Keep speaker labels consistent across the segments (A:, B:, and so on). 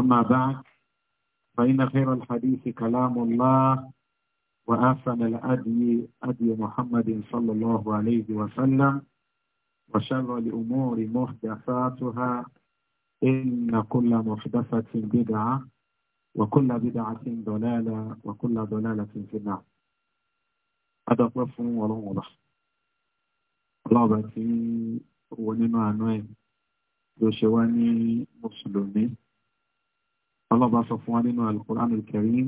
A: أما بعد فإن خير الحديث كلام الله وأحسن الأدي أدي محمد صلى الله عليه وسلم وشر الأمور محدثاتها إن كل محدثة بدعة وكل بدعة ضلالة وكل ضلالة في النار أدقف ولون الله رابطي ونمعنوين يوشواني مسلمين ọlọ́ba sọ fún wa nínú alukur'an al-karim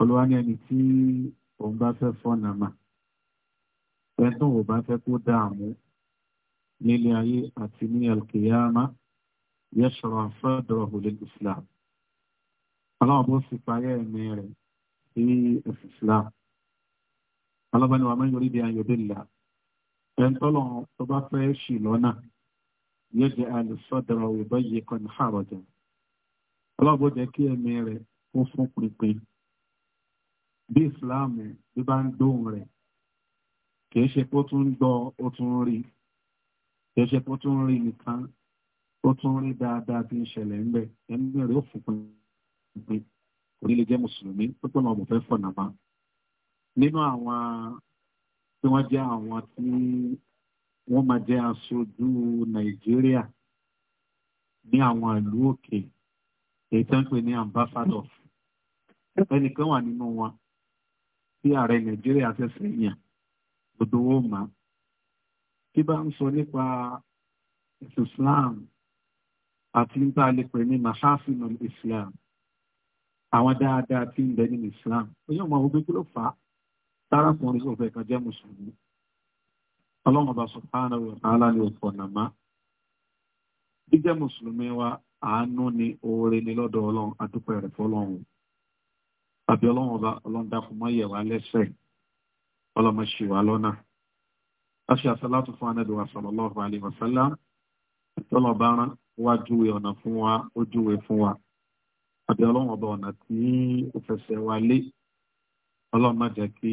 A: olúwa ní ẹni tí òun bá fẹ́ fọ́nà mà ẹ̀sùn ò bá fẹ́ kó dààmú nílé ayé àti ní alkiyama yẹ́sọ̀rọ̀ àfẹ́dọ̀rọ̀ lil islam ọlọ́wọ́ bó sì parí ẹ̀mí rẹ̀ sí ẹ̀sìn islam ọlọ́ba ni wàá mẹ́rin orí di ayọ̀dẹ́là ẹ̀ńtọ́lọ̀ tó bá fẹ́ ṣì lọ́nà yẹ́jẹ̀ alùsọ̀dọ̀rọ̀ ìbáyé kan ní àrọ̀jẹ̀ ọlọ́gbọ́n jẹ́ kí ẹ̀mí rẹ̀ ó fún pinpin bí ìsìláàmù bí bá ń dóhùn rẹ̀ ṣe pé ó tún ń gbọ́ ó tún ń rí kìí ṣe pé ó tún ń rí nìkan ó tún ń rí dáadáa bí ń ṣẹlẹ̀ ń bẹ̀ ẹ̀mí rẹ̀ ó fún kò ní lè jẹ́ mùsùlùmí èyí tó ń pè ní ambassador ẹnìkan wà nínú wọn tí ààrẹ nàìjíríà ṣẹ̀ṣẹ̀ yàn gbogbo wọn mà tí bá ń sọ nípa islam àti ń bá a ní mahasinul islam àwọn dáadáa tí ń bẹ nínú islam oyún ọmọ ogun kí ló fà á tárakùnrin ló fẹ́ kan jẹ́ mùsùlùmí ọlọ́run ọba subhanahu wa ta'ala ni òfò nàmá jíjẹ́ mùsùlùmí wa àánú ni oore ni lọ́dọ̀ ọlọ́run adúpẹ́ rẹ̀ fọlọ́run àbí ọlọ́run ọba ọlọ́run dákun mọ́ yẹ̀ wá lẹ́sẹ̀ ọlọ́mọ ṣì wá lọ́nà a ṣe àṣàlátù fún anẹ́dùn sallallahu alaihi wasallam tọ́lọ̀ bá rán wá júwe ọ̀nà fún wa ó júwe fún wa àbí ọlọ́run ọba ọ̀nà tí ó fẹsẹ̀ wa lé ọlọ́run má jẹ́ kí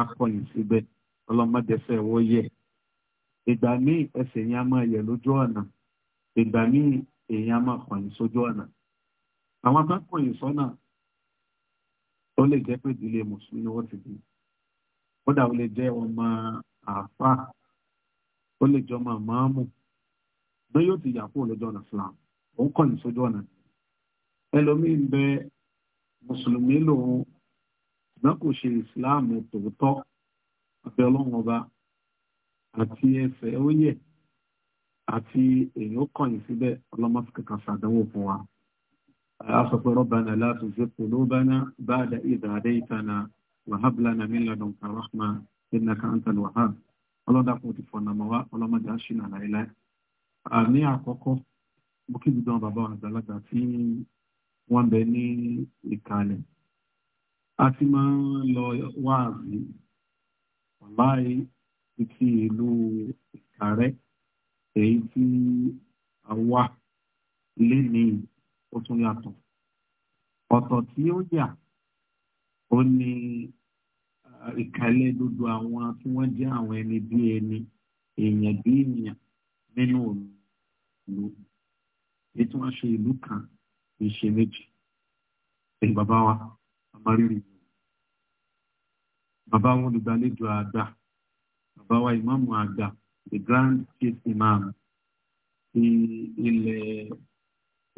A: a kọ̀yìn síbẹ̀ ọlọ́run má dẹ́sẹ̀ wọ́ yẹ̀ ìgbà míì ẹsẹ̀ yẹn á máa yẹ̀ lójú ọ̀nà ìgbà míì èèyàn máa kọ̀yìn sójú ọ̀nà àwọn tó kọ̀yìn sọ́nà o lè jẹ́ pé ìdílé mùsùlùmí ni wọ́n ti bí je ó lè jẹ́ lè jẹ́ ọmọ ti yà kúrò le ọ̀nà Islam ó ń na bẹ Islam àti èèyàn kọ̀yìn síbẹ̀ ọlọ́mọ́sí kankan ṣàdánwò fún wa. Aṣọ́pẹ́ Rabbana la tuzigh qulubana ba'da idh hadaytana wa hab lana min ladunka rahma innaka antal wahhab. Ọlọ́dàkùn ti fọ̀nà mọ́ wa ọlọ́mọdé aṣínà láìláì. Àní àkọ́kọ́, mo kí gbogbo àwọn bàbá àgbàlagbà tí wọ́n bẹ ní ìkàlẹ̀. A ti máa ń lọ wáàzí, wàláì ti ìlú Ìkàrẹ́ èyí tí a wá lénìí ó tún yàtọ̀ ọ̀tọ̀ tí ó yà ó ní ìkàlẹ̀ gbogbo àwọn tí wọ́n jẹ́ àwọn ẹni bí ẹni èèyàn bí èèyàn nínú òlù ètò wọn ṣe ìlú kan ìṣe méjì èyí bàbá wa amárírì bàbá wọn olùgbàlejò àgbà bàbá wa ìmáàmù àgbà the Grand Chief Imam ti ilẹ̀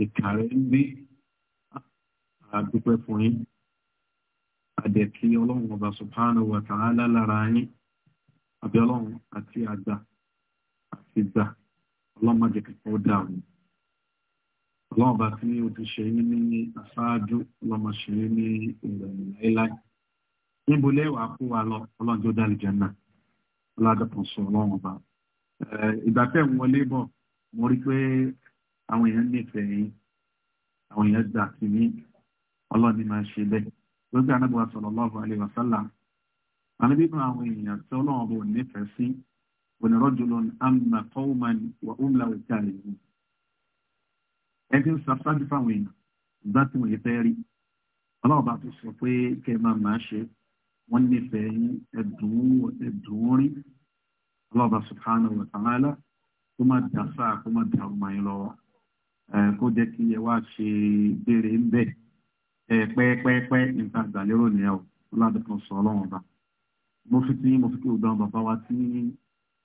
A: Ìkàrẹ́ ń gbé àdúpẹ́ fún yín àdẹ̀kí ọba subhanahu wa ta'ala lára yín àbí ati agba àgbà àti gbà ọlọ́mọdé kẹkọọ dàrú ọlọ́run bá tí o ní ní ìrọ̀lẹ́ láéláé lọ Eh, ìgbà tẹ̀ ń wọlé bọ̀ mo rí pé àwọn èèyàn nífẹ̀ẹ́ yín àwọn èèyàn gbà sí ní ọlọ́run ní máa ṣe bẹ́ẹ̀ gbogbo anábìwá sallallahu alaihi wasallam àní bíbá àwọn èèyàn tí ọlọ́run bò nífẹ̀ẹ́ sí onírọ́jùlọ́n amma qawman wà umla òkè àlejò ẹni ń sàfáàdì fáwọn èèyàn ìgbà tí wọ́n yẹ fẹ́ rí ọlọ́run bá tún sọ pé kẹ́ máa máa ṣe wọ́n nífẹ̀ẹ́ yín ẹ̀dùn ẹ̀dùn rí ọlọ́ba subhanahu wa ta'ala kó má dà sáà kó má dà ọmọ yín lọ́wọ́ kó jẹ́ kí ẹ wá ṣe béèrè ń bẹ̀ pẹ́ẹ́pẹ́ẹ́pẹ́ nípa àgbàlérò nìyẹn o ọlọ́dún sọ ọlọ́run ọba mo fi tí mo fi kí ọ̀dọ̀ bàbá wa tí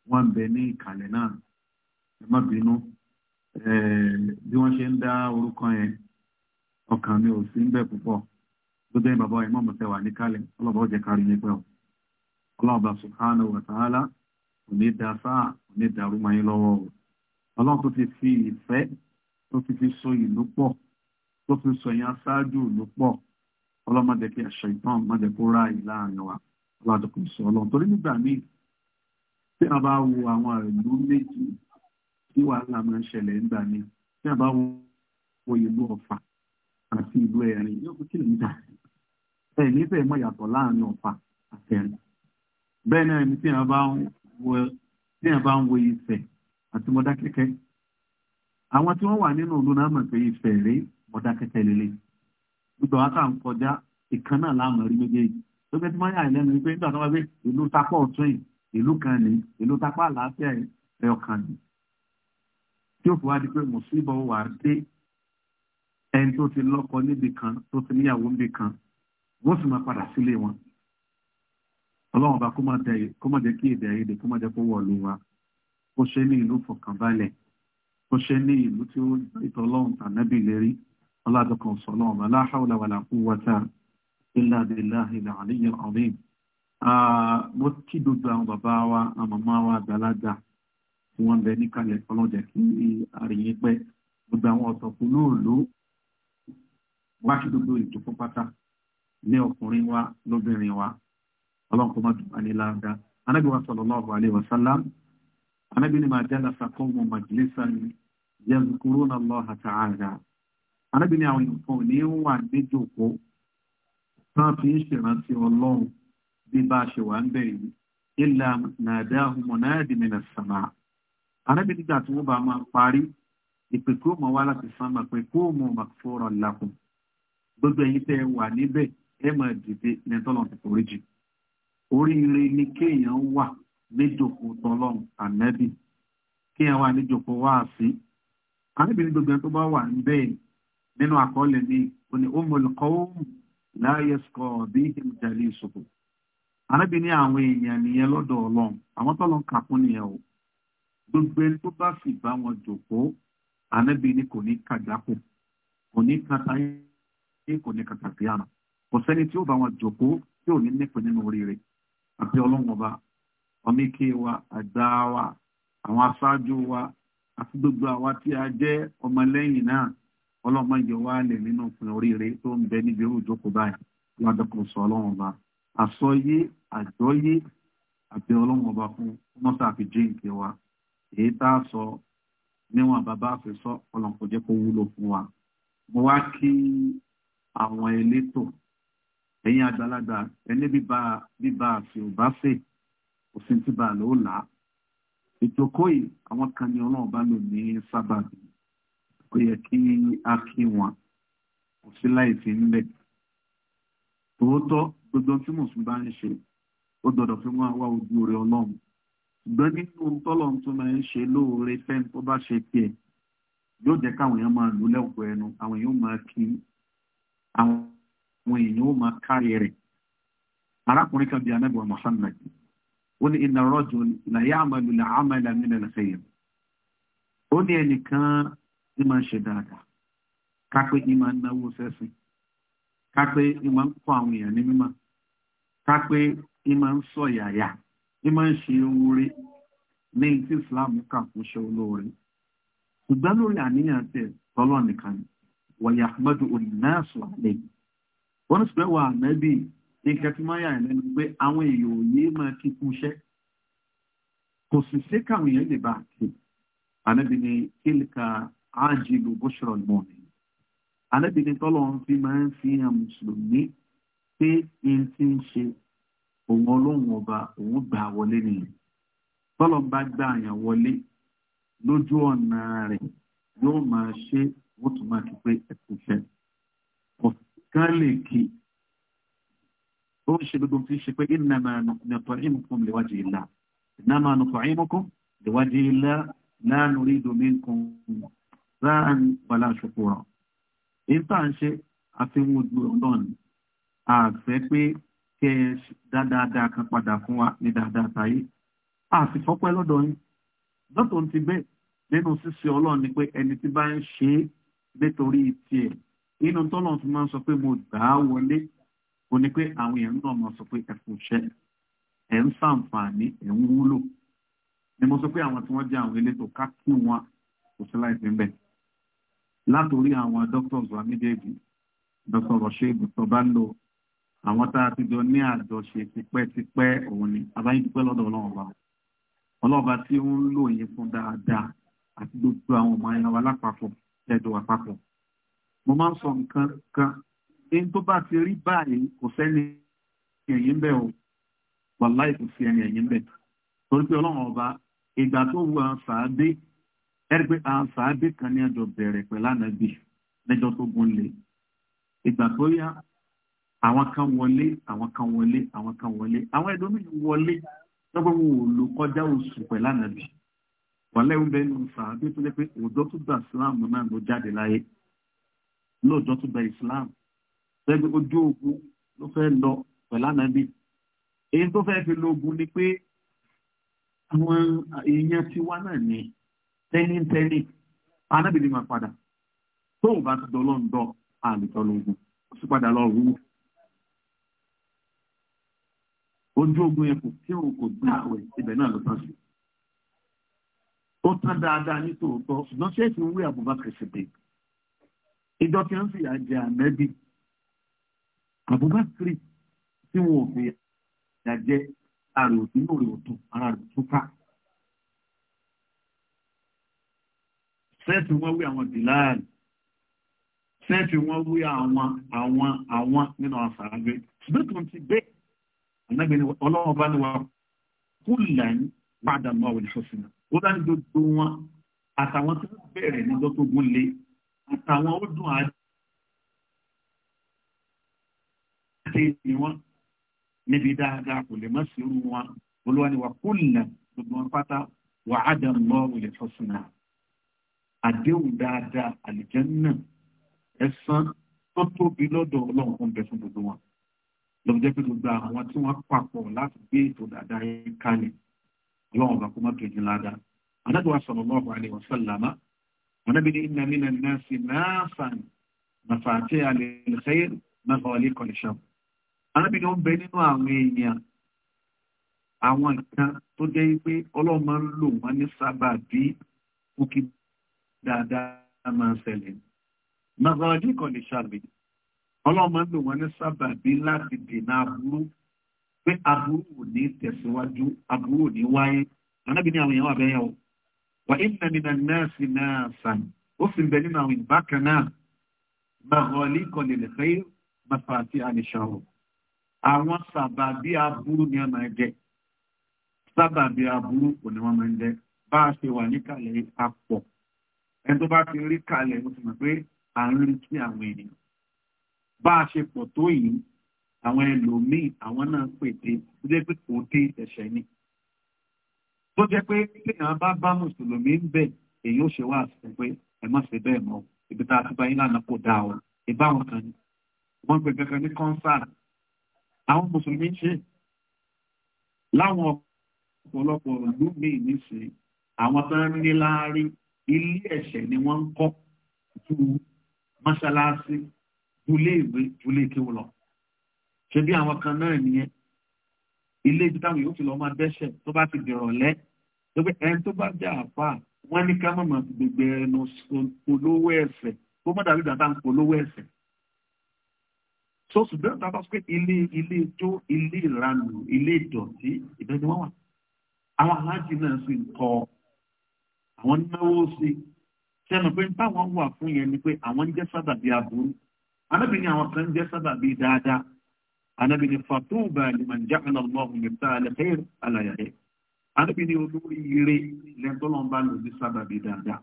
A: wọ́n ń bẹ ní ìkàlẹ̀ náà ẹ má bínú bí wọ́n ṣe ń dá orúkọ yẹn ọkàn mi ò sí ń bẹ̀ púpọ̀ tó jẹ́ bàbá yẹn mọ̀mọ́tẹ́ wà níkàlẹ̀ ọlọ́ba ó jẹ́ kárí yẹn pẹ́ ọlọ́ba subhanahu wa ta'ala kò ní da sáà kò ní darú mọ́ yín lọ́wọ́ o ọlọ́run tó ti fi ìfẹ́ tó ti fi so ìlú pọ̀ tó fi so yẹn aṣáájú ìlú pọ̀ ọlọ́mọdé kí aṣọ ìtàn mọ́dé kó ráàyè láàrin wa ọlọ́dún kò sọ ọlọ́run torí nígbà míì tí a bá wo àwọn ìlú méjì tí wàhálà máa ń ṣẹlẹ̀ nígbà míì tí a bá wo ìlú ọ̀fà àti ìlú ẹ̀rin yóò fi kí lè dà ẹ̀ níbẹ̀ mọ̀ yàtọ̀ láàrin ọ̀fà àtẹ̀rin bẹ́ẹ̀ náà ni tí a bá ń wo tí yẹn ń wo Ifẹ̀ àti Mọdákẹ́kẹ́ àwọn tí wọ́n wà nínú ìlú náà mọ̀ pé Ifẹ̀ rèé Mọdákẹ́kẹ́ lélẹ̀ gbogbo wa kà ń kọjá ìkan náà láàmú rí méjèèjì tó bẹ́ẹ̀ tí wọ́n yà lẹ́nu wípé nígbà tó wá pé ìlú tapá ọ̀tún yìí ìlú kan ní ìlú tapá àlàáfíà ẹ̀ ọ̀kan ní tí ó fi wá di pé mùsùlùmí ọ̀ wà dé ẹni tó ti lọ́kọ níbi kan tó ti níyàwó níbi kan wọ́n sì máa padà sílé wọn ọlọ́run bá kó má jẹ́ kí èdè àìyedè kó má jẹ́ kó wọ̀ lù wa kó ṣe ní ìlú fọkànbalẹ̀ kó ṣe ní ìlú tí ó ìtọ́ ọlọ́run tànábì lérí ọlọ́dọ̀kan sọ ọlọ́run bá la hawla wala quwwata illa billahi al-aliyyil azim. mo kí gbogbo àwọn bàbá wa àwọn màmá wa àgbàlagbà tí wọ́n bẹ níkàlẹ̀ ọlọ́jà kí àríyìn pẹ́ gbogbo àwọn ọ̀tọ̀kùn náà ló wá sí gbogbo ìjókòó pátá ní ọkùnrin wa lóbìnrin wa ọlọ́run kò má dùn á ní láàdá anábì wa sallallahu alaihi wa sallam anábì ni ma jalasa qawmun majlisan yazkuruna Allaha ta'ala anábì ni àwọn èèyàn kan ò ní wà níjòkó tán fi ń ṣèrántí ọlọ́run bí bá a ṣe wà ń bẹ̀ yìí illa nadahum munadi minas samaa anábì nígbà tí wọ́n bá máa parí ìpè kó mọ̀ wá láti sánmà pé kó mọ̀ maghfuran lakum gbogbo ẹ̀yin tẹ́ wà níbẹ̀ ẹ máa dìde ní tọ́lọ̀ tó foríjì. oríire ni kéèyàn wà níjòkó tọlọ́run ànẹ́bì kéèyàn wà níjòkó ànẹ́bì ní gbogbo ẹni tó bá wà níbẹ̀ nínú àkọọ́lẹ̀ ní òní láàyè bí ìṣòkò ànẹ́bì àwọn èèyàn nìyẹn lọ́dọ̀ ọlọ́run àwọn kà fún o gbogbo ẹni tó bá sì bá wọn jòkó ànẹ́bì ní kò ní kàdákù kò ní kàtà yé kò ní kàtà kò sẹ́ni tí ó àbí ọlọ́run ọba ọmọ ike wa àgbà wa àwọn aṣáájú wa àti gbogbo àwa tí a jẹ́ ọmọlẹ́yìn náà ọlọ́mọ yọ wá lè nínú òpin oríire tó ń bẹ níbi irú ìjókòó báyìí wọ́n dẹ́kun sọ ọlọ́run àsọyé àjọyé àbí ọlọ́run fún mọ́tà àfi jíǹkì wa èyí tá a sọ níwọ̀n bàbá àfi sọ kò jẹ́ kó wúlò fún wa mo wá kí àwọn elétò ẹ̀yin àgbàlagbà ẹni bíbá bíbá àti ò bá fè òfin tí bàálù ó là á ìjókòó yìí àwọn kan ní ọlọ́run bá lò ní sábàbí kò yẹ kí a kí wọn kò sí láì fi ń bẹ̀ tòótọ́ gbogbo tí mùsùlùmí bá ń ṣe ó gbọdọ̀ fi wọn wá ojú rẹ ọlọ́run ṣùgbọ́n nínú tọ́lọ̀ tó máa ń ṣe lóore fẹ́ tó bá ṣe tiẹ̀ yóò jẹ́ káwọn èèyàn máa lò lẹ́kọ̀ọ́ ẹnu àwọn èèyàn máa kí àwọn. àwọn èèyàn ó máa kárí rẹ̀ arákùnrin kan bíi anábìwá Muhammad ó ní inna rajul amala min al-khayr ó ní ẹnìkan ní máa ń ṣe dáadáa kápẹ́ ní máa ń náwó sẹ́sìn kápẹ́ ní máa ń kọ́ àwọn èèyàn ní mímọ́ kápẹ́ ní máa ń sọ wọ́n sì fẹ́ wà nẹ́bì nǹkan tí máa yà ẹ̀ lẹ́nu pé àwọn èèyàn ò ní máa kí kú iṣẹ́ kò sì sí káwọn èèyàn lè bá a kí ànẹ́bì ni kílíkà ájìlú bóṣọ̀rọ̀ mọ́ ni ànẹ́bì ni tọ́lọ́ fi máa ń fi hàn mùsùlùmí pé n ti ń ṣe òun ọlọ́run ọba òun gbà wọlé nìyẹn tọ́lọ́ bá gbà àyàn wọlé lójú ọ̀nà rẹ̀ yóò máa ṣe wọ́n tún máa kí pé ẹ̀kú iṣẹ́ kán lè kí ó ń ṣe gbogbo tí ń ṣe pé innama nut'imukum liwajhi illah innama nut'imukum liwajhi illah la nuridu minkum ra'an wala shukura ìta ń ṣe àfihàn ojú ọlọ́run àfẹ́ pé kẹ ẹ dáadáa kan padà fún wa ní dáadáa táyé àfi fọ́pẹ́ lọ́dọ̀ lọ́tọ̀ ti bẹ́ẹ̀ nínú ṣíṣe ọlọ́run ni pé ẹni tí bá ń ṣe é nítorí tiẹ̀ nínú tọ́lọ̀ fi máa ń sọ pé mo gbà á wọlé o ní pé àwọn èèyàn náà máa sọ pé ẹ kò ṣẹ ẹ ń ṣàǹfààní ẹ ń wúlò ni mo sọ pé àwọn tí wọ́n jẹ́ àwọn elétò ká kí wọn kò sí láìsí ńbẹ̀ látòrí àwọn doctors wa méjèèjì dr roshe dr bando àwọn tá a ti jọ ní àjọṣe tipẹ́tipẹ́ òun ni abáyé dúpẹ́ lọ́dọ̀ ọlọ́run ọba tí ó ń lò yín fún dáadáa àti gbogbo àwọn ọmọ ayáwa lápapọ̀ tẹ́jọ àpapọ̀ mo máa ń sọ nǹkan kan ní tó bá ti rí báyìí kò sẹ́ni ẹ̀yìn ń bẹ̀ o wàláì kò sí ẹni ẹ̀yìn ń bẹ̀ torí pé ọlọ́run ọba ìgbà tó wu àwọn sàádé ẹ̀rí pé àwọn sàádé kan ní ẹjọ́ bẹ̀rẹ̀ pẹ̀lú ànábì lẹ́jọ́ tó gún lé ìgbà tó yá àwọn kan wọlé àwọn kan wọlé àwọn kan wọlé àwọn ẹ̀dọ́mí wọlé lọ́gbọ́n wo ló kọjá oṣù pẹ̀lú ànábì wàláì ń bẹ́ẹ̀ ní sàádé tó jẹ́ pé òjò tó gbà síláàmù náà ló jáde láyé lóòjọ́ tó bẹ islam lẹ́gbẹ́ ojú ogun ló fẹ́ lọ pẹ̀lú ànábì èyí tó fẹ́ fi lo ogun ni pé àwọn èèyàn ti wá náà ní tẹ́nítẹ́nì ànábì ni máa padà tó ò bá ti dọ́ lọ́ńdọ́ àlùtọ́ lógun ó sì padà lọ rú ojú ogun yẹn kò tí òun kò gbá àwẹ̀ ibẹ̀ náà ló tán sí ó tán dáadáa ní ṣùgbọ́n ṣé èsì ń wé Abubakar Siddiq ìjọ tí wọ́n fìyà jẹ ànábì Abubakar tí wọn ò fìyà jẹ ara òsì náà rè òtún ara rè tún ká. sẹ́ẹ̀tì wọ́n wí àwọn dìláàlì sẹ́ẹ̀tì wọ́n wí àwọn àwọn àwọn nínú àwọn ṣùgbọ́n tó ń ti bẹ́ẹ̀ ànágbẹ́ni bá ní wa kúlẹ̀ padà mọ́ àwọn ìṣọ́sìn náà ó dá ní gbogbo wọn àtàwọn tó bẹ̀rẹ̀ níjọ́ tó lé àtàwọn ó dùn àti ni wọn níbi dáadáa kò lè má sí irú wọn olúwa ni wà kúlìnà gbogbo wọn pátá wà á dàn lọ òlè fọsùnà àdéhùn dáadáa àlìjẹ́nà ẹ̀san tó tóbi lọ́dọ̀ ọlọ́run fún bẹ fún gbogbo wọn lọ́wọ́ jẹ́ pé gbogbo àwọn tí wọ́n papọ̀ láti gbé ètò dáadáa yẹn kalẹ̀ ọlọ́run bá kó má kejì ládàá anágbèwà sallallahu alaihi wa sallama. Ànábì ní inna mina nasi nasan mafatiha lil khair maghaliqa lishar. Ànábì ní ó ń bẹ nínú àwọn èèyàn àwọn nǹkan tó jẹ́ pé Ọlọ́run máa ń lò wọ́n ní sábàbí kókí dáadáa máa ń ṣẹlẹ̀. maghaliqa lishar Ọlọ́run máa ń lò wọ́n ní aburú pé aburú ò ní tẹ̀síwájú aburú ò ní wáyé Ànábì ní àwọn èèyàn wà bẹ́yẹn o. وَإِنَّ مِنَ النَّاسِ náà sí náà sàn ó sì لِلْخَيْرِ bẹ nínú àwọn ìbákan náà màgọ́lì kọlẹ̀lẹ̀ fẹ́ màfà àti àlìṣàrò àwọn sàbàbí aburú ni a máa jẹ sábàbí aburú kò ní wọ́n máa ń jẹ bá a ṣe wà níkàlẹ̀ apọ̀ ẹni tó bá ti rí kalẹ̀ ó ti mọ̀ pé à ń retí àwọn ènìyàn bá a ṣe pọ̀ tó yìí àwọn ẹlòmíì àwọn náà pète ó jẹ́ pé kò dé ẹ̀ṣẹ̀ ni tó jẹ́ pé kéèyàn bá bá mùsùlùmí ń bẹ̀ èyí ó ṣe wá àṣẹ pé ẹ má ṣe bẹ́ẹ̀ mọ́ ibi tá a ti bá yín lánàá kò dáa o ìbáwọn kan ni wọ́n pe kankan ní kọ́nsáà àwọn mùsùlùmí ń ṣe láwọn ọ̀pọ̀lọpọ̀ ìlú míì níṣẹ́ àwọn tó ń ní láárí ilé ẹ̀ṣẹ̀ ni wọ́n ń kọ́ ju mọ́ṣáláṣí julé ìwé julé kíwò ṣe bí àwọn kan náà nìyẹn ilé ibi táwọn yòókù lọ máa dẹ́ṣẹ̀ tó bá ti dìrọ̀lẹ́ pé ẹni tó bá jẹ́ àfà wọ́n ní ká mọ̀mọ́ gbogbo ẹnu polówó ẹ̀sẹ̀ kó mọ̀ dàbí dàbá ń polówó ẹ̀sẹ̀. so ṣùgbọ́n tá a bá sọ pé ilé ilé ijó ilé ìranù ilé ìdọ̀tí ìbẹ́ni wọ́n wà àwọn aláàjì náà sì ń kọ́ àwọn náwó sí sẹ́nu pé táwọn wà fún yẹn ni pé àwọn ń jẹ́ sábàbí aburú anábì ni àwọn kan ń jẹ́ sábàbí dáadáa anábì ni fatuba liman ja'ala Allahu mibta'a al-khayr ala yadihi àníbi ni olórí ire lẹ́tọ́lọ́n bá lò ní sábàbí dáadáa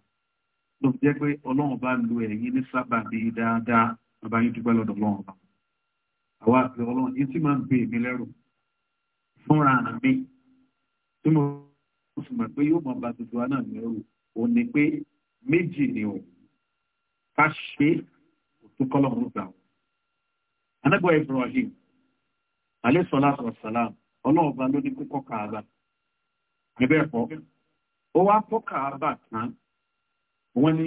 A: ló jẹ́ pé ọlọ́run bá lo ẹ̀yin ní sábàbí dáadáa bàbá yín dúpẹ́ lọ́dọ̀ ọlọ́run bá àwa àti ọlọ́run yìí tí máa ń gbé mi lẹ́rù fúnra mi tí mo sì mọ̀ pé yóò máa ba tuntun wa náà lẹ́rù òun ni pé méjì ni ò ká ṣe òtún kọ́lọ́run gbà wọ́n. anábọ̀ Ibrahim alẹ́ sọlá sọ̀rọ̀ sàlám ọlọ́run bá ló ní kókó kàá bá. ebe ẹ̀kọ́ ó wá fọ́ kàábà tán wọ́n ni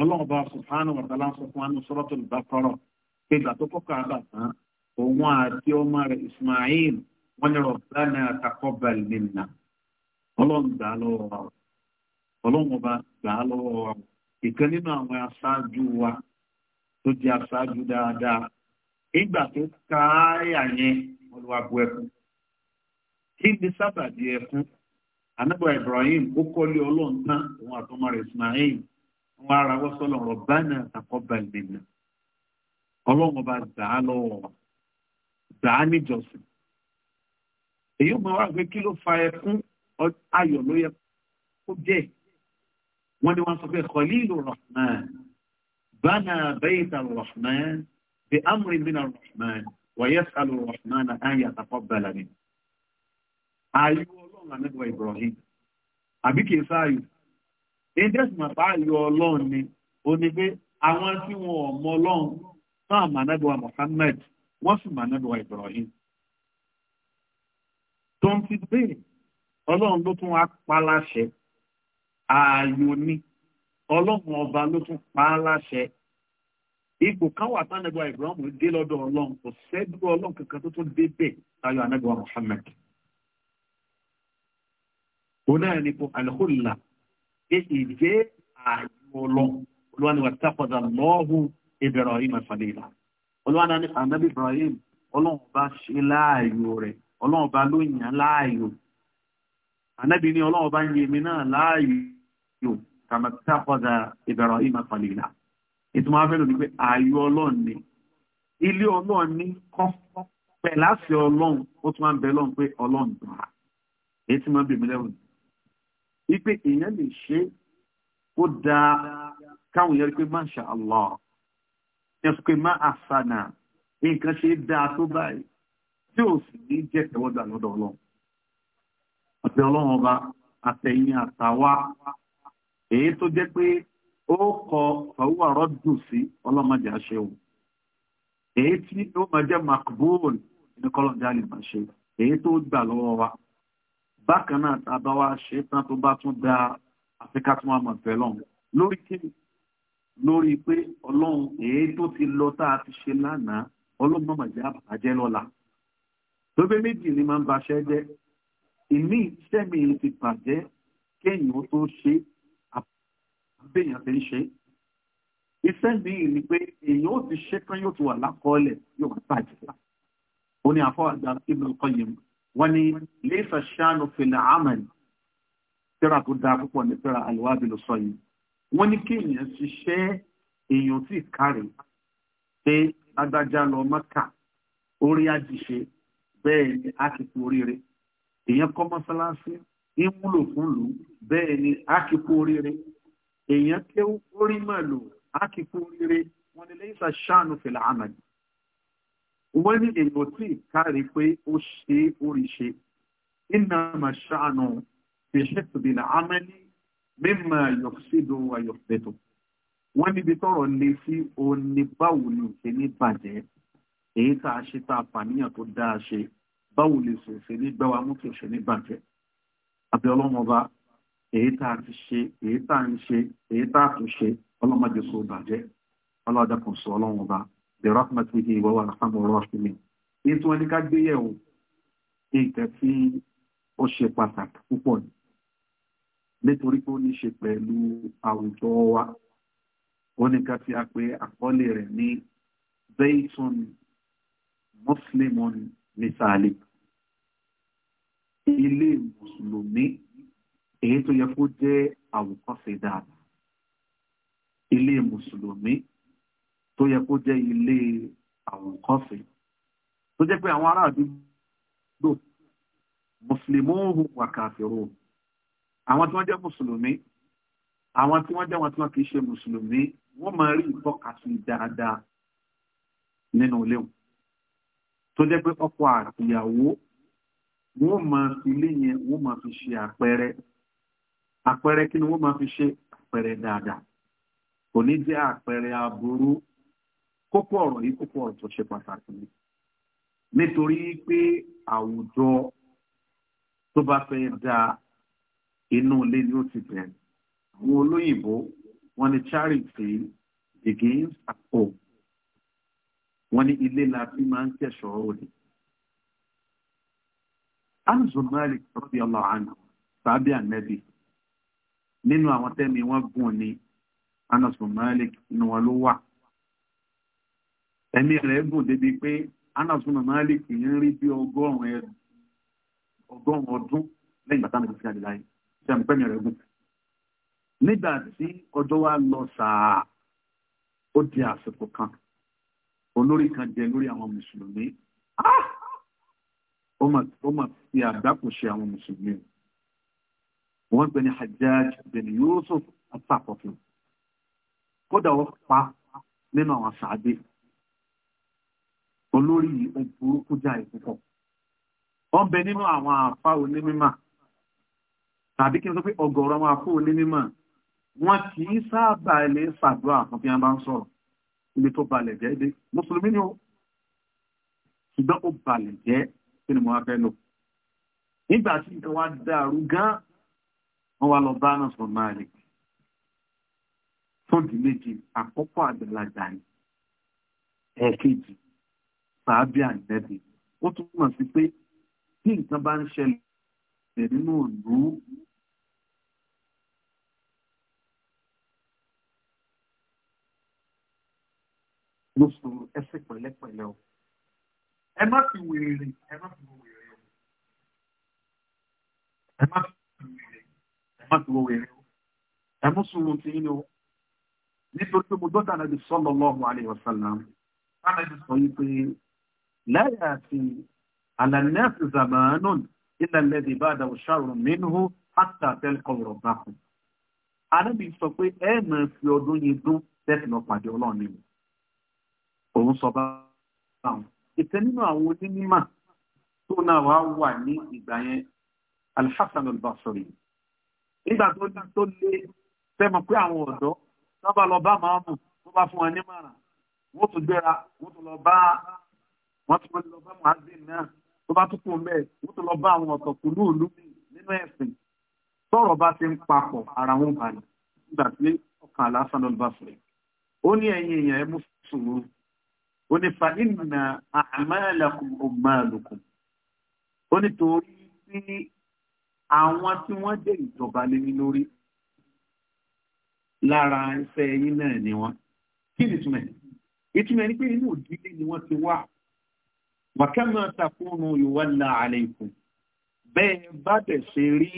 A: ìgbà tó fọ́ kàábà tán òun àti ọmọ Ismail wọ́n ní rabbana taqabbal minna ọlọ́run gbà á gbà á lọ́wọ́ wa ìkan nínú àwọn aṣáájú wa tó di aṣáájú dáadáa ìgbà tó yẹn anábọ̀ ibrahim ó kọ́lé ọlọ́run tán òun àtọmọ rẹ̀ ismail wọn ara wọ́n sọ́lọ̀ rabbana taqabbal minna ọlọ́run ọba dà á lọ́wọ́ dà á níjọsìn èyí ò máa wá pé kí ló fa ẹkún ayọ̀ ló yẹ kó jẹ́ wọ́n ní wọ́n sọ pé khalilu rahman bana bayta rahman bi amri mina rahman wa yasalu rahman an yataqabbala minna. ayọ̀ ọlọ́run àmẹ́gbọ̀ Ibrahim àbí kìí sáàyò ní dẹ́sùmọ̀ báyìí ọlọ́run ni ó ní pé àwọn tí wọn ò ọlọ́run náà mànẹ́gbọ̀ Muhammad wọ́n sì mànẹ́gbọ̀ Ibrahim tó ń ti bẹ́ẹ̀ ọlọ́run ló tún wá pa láṣẹ ààyò ni ọlọ́run ọba ló tún pa ipò kan wà tánàgbà Ibrahim dé lọ́dọ̀ ọlọ́run kò sẹ́dúró ọlọ́run kankan tó tún dé bẹ́ẹ̀ tayọ ànẹ́gbọ̀ Muhammad òun náà ni kò àlùkòlà pé ìdè ààyè ọlọ olúwa ni wà tápọ̀dà lọ́hùn Ibrahim àfàlẹ́là olúwa náà ni ànábì Ibrahim ọlọ́run bá ṣe láàyò rẹ̀ ọlọ́run bá ló yàn láàyò ànábì ni ọlọ́run bá ń yẹ mi náà láàyò kàmá tápọ̀dà Ibrahim àfàlẹ́là ìtumọ̀ afẹ́lò ni pé ààyò ọlọ́run ni ilé ọlọ́run ní kọ́kọ́ pẹ̀láṣẹ ọlọ́run ó tún máa ń bẹ lọ́run pé ọlọ́run dùn á èyí tí máa ń bèmí lẹ́rù ni wípé èèyàn lè ṣe ó dáa káwọn yẹn rí pé masha Allah yẹn sọ pé má àṣànà nǹkan ṣe dáa tó báyìí tí ò sì ní jẹ́ tẹ́wọ́gbà lọ́dọ̀ ọlọ́run àti ọlọ́run ọba àtẹ̀yìn àtàwá èyí tó jẹ́ pé ó kọ fàwúwà rọ́dù sí ọlọ́mọdé àṣẹ èyí tí ó máa jẹ́ makbul ní kọ́lọ́dé àlè máa ṣe èyí tó gbà lọ́wọ́ wa bákan náà tàbá wa ṣe tán tó bá tún da àfikà tún wà mọ̀ fẹ́ lọ́hùn lórí kí lórí pé ọlọ́run èyí tó ti lọ tá a ti ṣe lánàá ọlọ́run mọ̀mọ̀ jẹ́ àbàjẹ́ lọ́la lóbi méjì ni máa ń baṣẹ́ jẹ́ ìní sẹ́mi ti bàjẹ́ kéèyàn tó ṣe àbẹ̀yàn ti ń ṣe iṣẹ́ míì ni pé èèyàn ó ti ṣe tán yóò ti wà lákọọ́lẹ̀ yóò wá bàjẹ́ ó ní àfọwọ́dà Ibn Qayyim wọ́n ní lẹ́fà ṣáàlù fìlà àmàlì tíra tó dáa púpọ̀ ní tíra àlùwábì ló sọ yìí wọ́n ní kí èèyàn ṣiṣẹ́ èèyàn tí kárẹ̀ pé agbájá lọ mọ́kà orí àjíṣe bẹ́ẹ̀ ni a ti kú oríire èèyàn kọ́ mọ́sálásí ń wúlò fún lù bẹ́ẹ̀ ni a ti kú oríire èèyàn kéwú orí mọ́ lò a ti kú oríire wọ́n ní lẹ́yìn ṣàánú fìlà àmàlì wọ́n ní èèyàn tí kárí pé ó ṣe oríṣe iná màṣáànù fi ṣètìlẹ̀ amẹ́lí mímọ yọ̀ṣídò ayọ̀fẹ́tò wọ́n níbi tọ́rọ̀ lé sí òní báwo ni òṣè ní bàjẹ́ èyí tá a ṣe tá a pàníyàn tó dáa ṣe báwo lè sọ òṣè ní gbẹ́wàá mú kí òṣè ní bàjẹ́ àbí ọlọ́mọba èyí tá a ti ṣe èyí tá a ń ṣe èyí tá a tún ṣe ọlọ́mọdé sọ bàjẹ́ ọlọ́dẹ kò sọ ọlọ́mọba. برحمته وهو أرحم الراحمين èyí tí wọ́n ní ká gbé yẹ̀wò nǹkan tí ó ṣe pàtàkì púpọ̀ ni nítorí pé ó ní ṣe pẹ̀lú àwùjọ wa ó ní ká tí a pé àkọlé rẹ̀ ní zaitun muslimun misali ilé mùsùlùmí èyí tó yẹ kó jẹ́ àwòkọ́ṣe dáadáa ilé mùsùlùmí tó yẹ kó jẹ́ ilé àwòkọ́sìn tó jẹ́ pé àwọn ará àdúgbò mùsùlùmí wà kàfíró àwọn tí wọ́n jẹ́ mùsùlùmí àwọn tí wọ́n jẹ́ wọn tí wọ́n kìí ṣe mùsùlùmí wọ́n máa rí ìtọ́ka sí dáadáa nínú ilé wọn tó jẹ́ pé ọkọ àtìyàwó wọ́n máa fi ilé yẹn wọ́n máa fi ṣe àpẹẹrẹ àpẹẹrẹ kí ni wọ́n máa fi ṣe àpẹẹrẹ dáadáa kò ní jẹ́ àpẹẹrẹ aburú kókó ọ̀rọ̀ yìí kókó ọ̀rọ̀ tó ṣe pàtàkì ni nítorí pé àwùjọ tó bá fẹ́ da inú ilé ni ó ti bẹ̀rẹ̀ àwọn olóyìnbó wọ́n ní charity begins at home wọ́n ní ilé la fi máa ń kẹ̀ṣọ́ òde. Alison Malik radiyallahu anhu tàbí ànẹ́bí nínú àwọn tẹ́mi wọ́n gùn ní Alison Malik inú wọn ló wà ẹ̀mí rẹ̀ gùn débi pé anasuna malik ń rí bí ọgọ́rùn-ún ọgọ́rùn-ún ọdún lẹ́yìn bàtà mi fi àdìláyé tí a mú pẹ́mi rẹ̀ gùn. nígbà tí ọjọ́ wa lọ sàá ó di àsìkò kan olórí kan jẹ lórí àwọn mùsùlùmí ah! ó mà fi àgbákò ṣe àwọn mùsùlùmí wọ́n gbé ní hajjaj bin yusuf àtàkọ́fin kódà ó pa nínú àwọn sàádé olórí burúkú jáì púpọ̀ wọ́n bẹ nínú àwọn àfa onímímà tàbí kí n sọ pé ọ̀gọ̀rọ̀ àwọn àfa onímímà wọ́n kì í sábà lè ṣàdúrà fún bí wọ́n bá ń sọ̀rọ̀ ilé tó balẹ̀ jẹ́ dé mùsùlùmí ni ó ṣùgbọ́n ó balẹ̀ jẹ́ kí ni mo wá fẹ́ lò nígbà tí nǹkan dàrú gan wọ́n wá lọ bá náà sọ̀rọ̀ máa lè fún ìdílé jì àkọ́kọ́ àgbàlagbà ni sàábì ànẹ́bì ó túmọ̀ sí pé bí nǹkan bá ń ṣẹlẹ̀ nínú ìlú ló sọ ẹsẹ̀ pẹ̀lẹ́pẹ̀lẹ́ o ẹ má fi wèrè ẹ má fi wèrè o ẹ má fi wèrè ẹ má fi wèrè o ẹ mú sùúrù tí yín o nítorí pé mo gbọ́dọ̀ ànábi sallallahu alaihi wasallam ànábi sọ yìí pé. لا يأتي على الناس زمان إلا الذي بعده شر منه حتى تلقوا ربكم Ànábì sọ pé ẹ máa fi ọdún yìí dún tẹ́sán pàdé ọlọ́run nínú. Òun sọ báwọn. Ìtẹ́ nínú àwọn onímọ̀ tó náà wá wà ní ìgbà yẹn Al-Hasan al-Basri. Nígbà tó ní tó lé sẹ́mọ̀ pé àwọn ọ̀dọ́ tó bá lọ bá màámù tó bá fún wọn nímọ̀ràn. Wọ́n tún gbéra wọ́n tún lọ bá wọ́n tún lọ bá muhammed náà tó bá tún kún bẹ́ẹ̀ wọ́n tún lọ bá àwọn ọ̀tọ̀ kù lóòlù mi nínú ẹ̀sìn tọ́rọ̀ bá ti ń papọ̀ ara wọn bá ní nígbà tí ọkàn àlàáfíà lọ́dún bá fẹ́. ó ní ẹ̀yin èèyàn ẹ mú sùúrù ó ní fàdínà àmàlàkùn ọmọlùkùn ó ní torí sí àwọn tí wọ́n dé ìjọba lé ní lórí lára iṣẹ́ ẹ̀yin náà ni wọ́n kí ni ìtumọ̀ ìtumọ̀ ni pé inú òdílé ni wọ́n ti wá wàkẹ́mà takùnù ìwọ́lá àlẹ́kùn bẹ́ẹ̀ bá dẹ̀ ṣe rí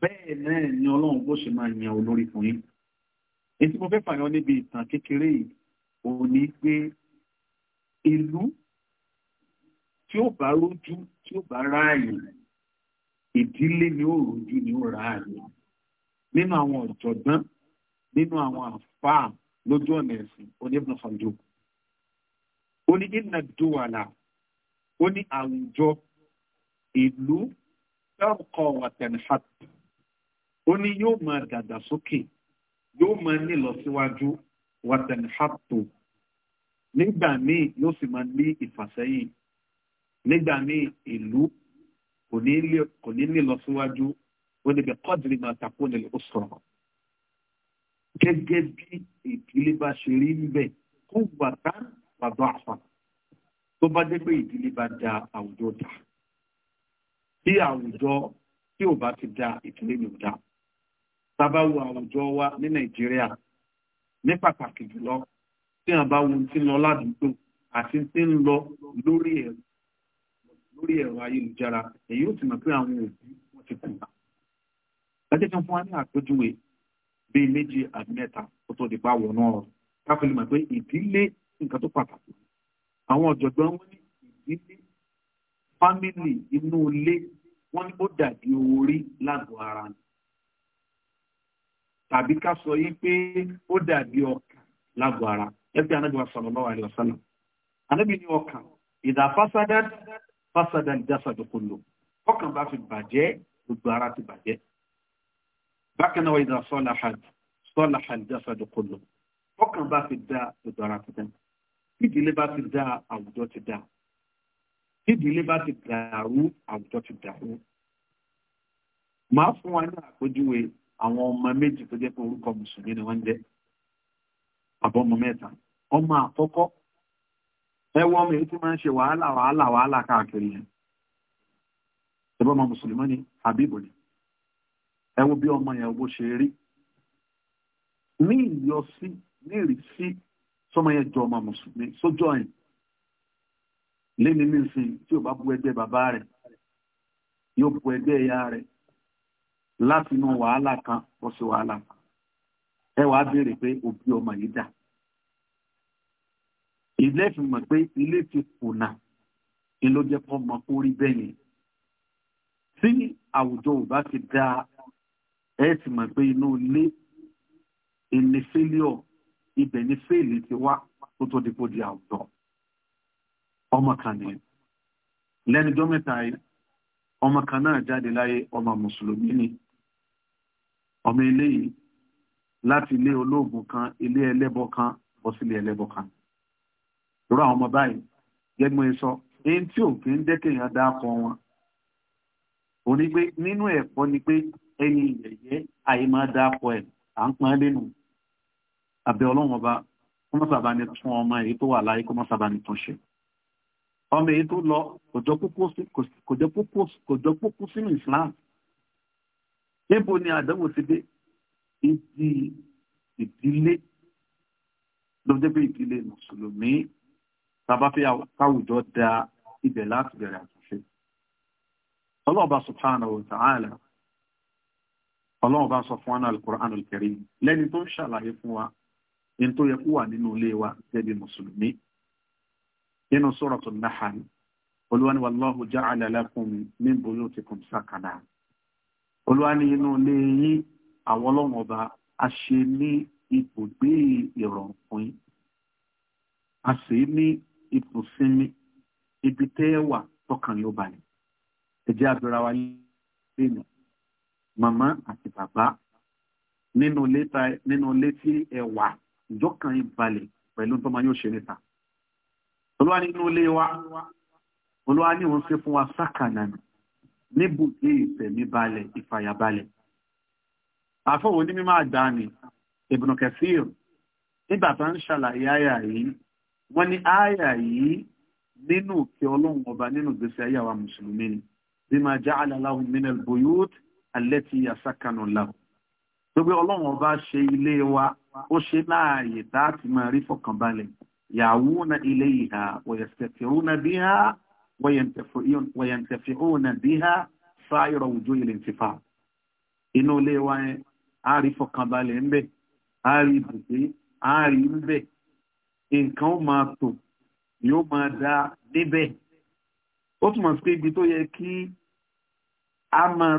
A: bẹ́ẹ̀ náà ni ọlọ́run bó ṣe máa yan olórí fún yín èyí tí mo fẹ́ fàyọ níbi ìtàn kékeré yìí ò ní pé ìlú tí ó bá rójú tí ó bá ráàyè ìdílé ni ó rójú ni ó ráàyè nínú àwọn ọ̀jọ̀gbọ́n nínú àwọn àfáà lójú ọ̀nà ẹ̀sìn oníbùnfàjò onígbìnàdúwàlà ó ní àwùjọ ìlú tẹ́rùkọ wàtẹ̀nìhàt ó ní yóò máa dàgbàsókè yóò máa nílọsíwájú wàtẹ̀nìhàtò nígbà míì yóò sì máa ní ìfàsẹ́yìn nígbà míì ìlú kò ní nílọsíwájú ó níbi kọ́dìrì máa takò nílẹ̀ ó sọ̀rọ̀ gẹ́gẹ́ bí ìdílé bá ṣe rí ń bẹ̀ kó wàtá wàdó àfàkù tó bá jẹ́ pé ìdílé bá da àwùjọ dà bí àwùjọ tí ò bá ti da ìdílé mi ò da sábà wo àwùjọ wa ní nàìjíríà ní pàtàkì jùlọ tí a bá wo ti lọ ládùúgbò àti tí ń lọ lórí ẹ̀rọ lórí ẹ̀rọ ayélujára èyí ó sì mọ̀ pé àwọn òbí wọn ti kùnà. Ẹjẹ́ kan fún wa ní àpéjúwe bíi méjì àbí mẹ́ta kó tó di pa wọ̀nà ọ̀rọ̀ káfíńlì pé ìdílé nǹkan tó pàtàkì àwọn ọ̀jọ̀gbọ́n wọn ní ìdílé fámìlì inú ilé wọn ní ó dàbí orí lágọ̀ọ́ ara ni tàbí ká sọ yí pé ó dàbí ọkàn lágọ̀ọ́ ara ẹgbẹ́ anábì wa sallallahu alaihi wasallam anábì ní ọkàn ìdá fásádà fásádà al-jasadu kullu ọkàn bá fi bàjẹ́ gbogbo ara ti bàjẹ́ bákan náà ìdá salaha salaha al-jasadu kullu ọkàn bá fi dá gbogbo ara ti bàjẹ́ tí ìdílé bá ti dáa àwùjọ ti dáa tí ìdílé bá ti dàrú àwùjọ ti dàrú. màá fún wa ní àpèjúwe àwọn ọmọ méjì tó jẹ́ pé orúkọ mùsùlùmí ni wọ́n ń jẹ́ àbọ̀mọ mẹ́ta ọmọ àkọ́kọ́ ẹ wọ́n mi tí máa ń ṣe wàhálà wàhálà wàhálà káàkiri yẹn ẹ̀bọ́n ọmọ mùsùlùmí ni Habibu ni ẹ wo bí ọmọ yẹn bó ṣe rí ní ìyọsí ní ìrísí tọ́mọ yẹn jọ ọmọ mùsùlùmí sójọ yẹn lẹ́ni nísìnyí tí ò bá bu ẹgbẹ́ bàbá rẹ̀ yóò bu ẹgbẹ́ ìyá rẹ̀ láti inú wàhálà kan bọ́ sí wàhálà kan ẹ wàá béèrè pé òbí ọmọ yìí dà ilé fi mọ̀ pé ilé ti kùnà ni ló jẹ́ kọ́ kó rí bẹ́ẹ̀ yẹn tí àwùjọ ò bá ti dáa ẹ sì mọ̀ pé inú ilé ìní fílíọ̀ ibẹ̀ ni fèèlì ti wá tó tó dípò di àwùjọ ọmọ kan ní lẹ́nu jọ́ yìí ọmọ kan náà jáde láyé ọmọ mùsùlùmí ni ọmọ eléyìí láti ilé olóògùn kan ilé ẹlẹ́bọ kan bọ́ sílé ẹlẹ́bọ kan lórí àwọn ọmọ báyìí gẹ́gbọ́n sọ èyí tí òfin ń dẹ́kẹ̀yàn dákọ wọn òní pé nínú ẹ̀kọ́ ni pé ẹni ìyẹ̀yẹ́ àìmọ́ dákọ ẹ̀ à ń pọn lẹ́nu àbẹ ọlọ́run ọba kọmọsàbá ni tún ọmọ èyí tó wà láyé kọmọsàbá ni tún ṣe ọmọ èyí tó lọ kò jọ púpọ̀ sínú Islam níbo ni àdánwò ti dé ìdí ìdílé ló dé bí ìdílé mùsùlùmí tàbáfẹ́ káwùjọ da ibẹ̀ láti bẹ̀rẹ̀ àtúnṣe ọlọ́ọ̀bá subhanahu wa ta'ala ọlọ́ọ̀bá sọ fún ánà al-Qur'an al-Karim lẹ́ni tó ń ṣàlàyé fún wa ní tó yẹ kó wà nínú ilé wa gẹ́gẹ́ mùsùlùmí nínú Suratul Nahl olúwa ni wallahu ja'ala lakum min buyutikum sakana olúwa ni inú ilé yín àwọn ọlọ́run ọba a ṣe ní ibùgbé ìrọ̀rùn fún yín a sì ní ibùsinmi ibi tẹ́ ẹ wà tọkàn yóò balẹ̀ ẹ jẹ́ abẹ́ra wa lẹ́nu màmá àti bàbá nínú ilé tí ẹ wà ìjọkàn ìbalẹ̀ pẹ̀lú tó máa yóò ṣe níta olúwa nínú ilé wa olúwa ní òun ṣe fún wa sákànà níbùdí ìfẹ̀mí balẹ̀ ìfàyàbalẹ̀ àfọwò ní mímọ́ àgbà ni Ibn Kathir nígbà tó ń ṣàlàyé àyà yìí wọ́n ní àyà yìí nínú kí ọlọ́run ọba nínú gbèsè ayé àwa mùsùlùmí ni bima ja'ala lahum minal buyut allati yasakanu lahu gbogbo ọlọ́run ọba ṣe ilé wa ó ṣe láàyè láti máa rí fọkànbalẹ̀ ya'wuna ilayha wa yastakiruna biha wa yantafi'una biha sa'ira wujuhil intifa inú ilé wa yẹn a rí fọkànbalẹ̀ ńbẹ̀ a rí ibùgbé a rí ńbẹ̀ nǹkan ó máa tò yóò máa dá níbẹ̀ ó túmọ̀ sí pé ibi tó yẹ kí a máa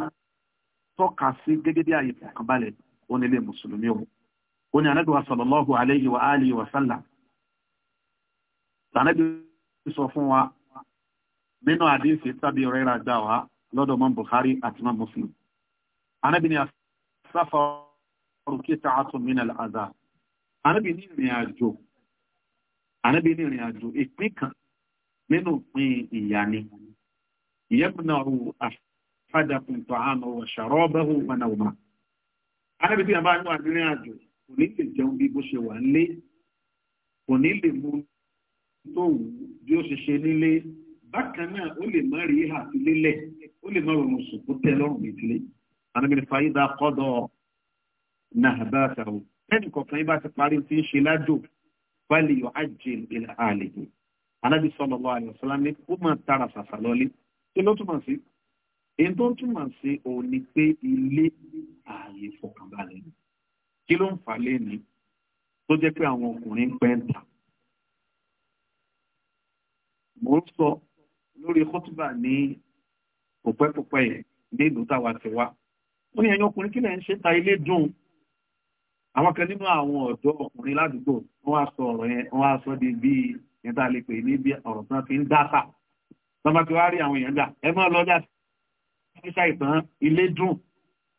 A: tọ́ka sí gẹ́gẹ́ bí àyè fọkànbalẹ̀ ó nílé mùsùlùmí o ó ní anábìwá sallallahu alayhi wa alihi wa sallam tànábì sọ fún wa nínú àdífẹ́ tàbí rẹ́ra gbà wá lọ́dọ̀ mọ́ Bukhari àti mọ́ Muslim anábì ni asáfà orúkí tààtùn min al-adha anábì ní ìrìn àjò anábì ní ìrìn àjò ìpín kan nínú ìpín ìyà ni yẹ́mùnà àfádàkùn ta'amahu wa sharabahu wa nawmahu anábì tí yàrá yóò àdúrà àjò kò ní lè jẹun bí bó ṣe wà nílé kò ní lè mú tó wù bí ó ṣe ṣe nílé bákan náà ó lè má rí ìhà sí lélẹ̀ ó lè má rọrùn sùn kó tẹ́ lọ́rùn mi sílé anábì ní fàyídà kọ́dọ̀ náà bá ṣàwọ̀ ẹnì kọ̀ọ̀kan yín bá ti parí ti ń ṣe lájò wálé yọ àjẹ ìlà àlejò anábì sallallahu alaihi wasallam ní kó máa tara ṣàṣà lọ́lé kí ló túmọ̀ sí èyí tó ń túmọ̀ sí òun ni pé ilé ààyè fọkànbalẹ̀ ni kí ló ń fà á lẹ́ni tó jẹ́ pé àwọn ọkùnrin ń pẹ́ ń tà mo ń sọ lórí kọ́tùbà ní pòpẹ́pòpẹ́ yẹn ní ìlú táwa ti wá ó ní ẹ̀yin ọkùnrin kí lẹ̀ ń ṣe ta ilé dùn àwọn kan nínú àwọn ọ̀dọ́ ọkùnrin ládùúgbò wọ́n wá sọ ọ̀rọ̀ yẹn wọ́n wá sọ di bíi yẹn tá a lè pè ní bí ọ̀rọ̀ tí wọ́n fi ń dá sà tọ́ba ti wá rí àwọn èèyàn dà ẹ máa lọ dà ṣíṣá ìtàn ilé dùn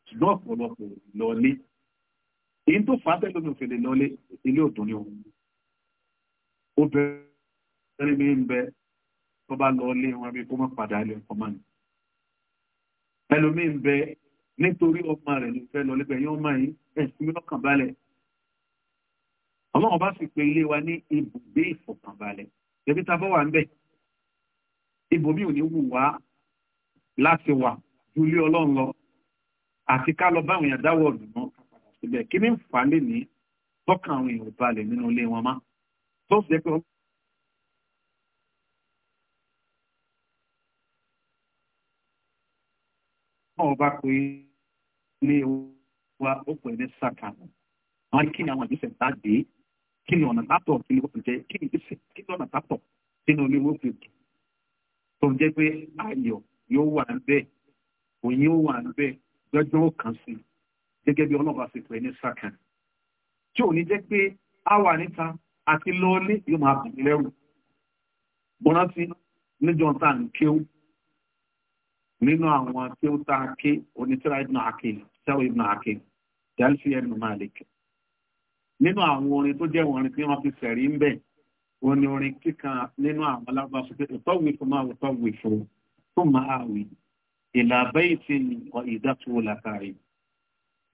A: ṣùgbọ́n ọ̀pọ̀lọpọ̀ lọlé èyí tó fà á tẹ́lẹ̀ lómi òfèlè lọlé ilé òdùn ni òun obìnrin mi ń bẹ tó bá lọlé wọn bí kó má padà ilé ọkọ mọ́ni ẹlòmíì ń bẹ nítorí ọmọ rẹ̀ ló fẹ́ lọlé pẹ̀lú ọmọ yìí ẹ̀sìn mi lọ́kàn balẹ̀ ọlọ́run bá sì pé ilé wa ní ibùgbé ìfọ̀kànbalẹ̀ ẹbí tá a bọ́ wà ń bẹ̀ ibòmí ò ní wù wá láti wà ju ilé ọlọ́run lọ àti ká lọ báwọn èèyàn dáwọ́ ọ̀dùn síbẹ̀ kí ni ń fà á lè ní tọ́kàn àwọn èèyàn balẹ̀ nínú ilé wọn má tó sì pé náà bá pé ilé wa ó pè ní sàkàmù wọn kí ni àwọn ìgbésẹ̀ bá dé kí ni ọ̀nà látọ̀ kí ni ó fi jẹ́ kí ni ìgbésẹ̀ kí ni ọ̀nà látọ̀ nínú ilé wọn fi tó jẹ́ pé ayọ̀ yóò wà níbẹ̀ òyìn yóò wà níbẹ̀ gbẹ́jọ́ kan sí gẹ́gẹ́ bí ọlọ́ba ṣe pẹ̀ ní sàkàn tí ò ní jẹ́ pé a wà níta àti lọ́ọ́lé yóò máa bì lẹ́rù bọ́nátì níjọ tá à ń kéwú nínú àwọn kéwú tá a ké onítìrá ibùnà àké sẹ́wọ̀ ibùnà àké dálífì ẹnu máa lè kẹ́ nínú àwọn orin tó jẹ́ orin tí wọ́n fi sẹ̀rí ń bẹ̀ orin orin kíkan nínú àwọn alábàáṣepẹ̀ ìtọ́wé fún máa wọ́tọ́wé fún un. ثم آوي إلى بيت وإذته لكاري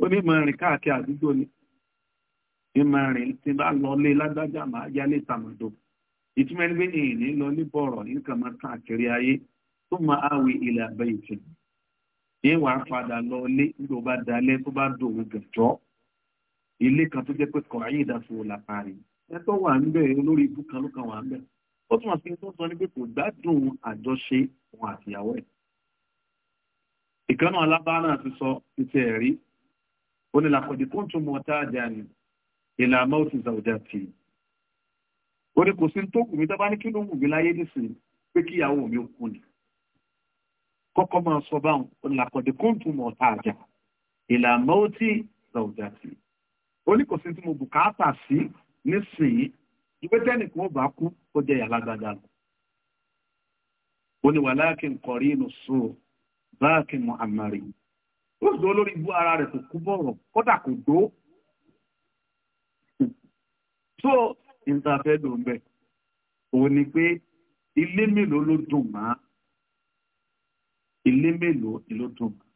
A: ó ní máa rìn káàkiri àdúgbò ni ní máa rìn tí bá lọ lé lágbájá máa yálé tàmàdò ìtumọ̀ ẹni pé ìní lọ ní bọ̀rọ̀ ní kàn káàkiri ayé tó máa àwì ilẹ̀ ó túmọ̀ sí tó sọ ní pé kò gbádùn àjọṣe òun àtìyàwó ẹ̀ ìkànnà alábáàrà ti sọ títí ẹ̀rí ó ní làkọ̀dì kó ń tún mọ táàjà ni ìlà mọ́ọ̀tì zàwùjà tì ó ní kò sí tó wù mí tó bá ní kí ló wù mí láyé nísìnyí pé kíyàwó mi ò kú ni kọ́kọ́ máa sọ báwọn ó ní làkọ̀dì kó ń tún mọ táàjà ìlà mọ́ọ̀tì zàwùjà tì ó ní kò sí tí mo bùkátà sí nísìnyí ìpé tẹ́nìkan ó bá kú ó jẹ́ ìyàlágbádá lọ. ó ní wàláàkì nkọ̀rí inú sùn báàkì mọ àmàrí. ó dó lórí ibú ara rẹ̀ kò kú bọ̀rọ̀ kódà kò dó. tó ìntàfẹ́ ló ń bẹ̀. òun ni pé ilé mélòó ló dùn mọ́ ilé mélòó ló dùn mọ́.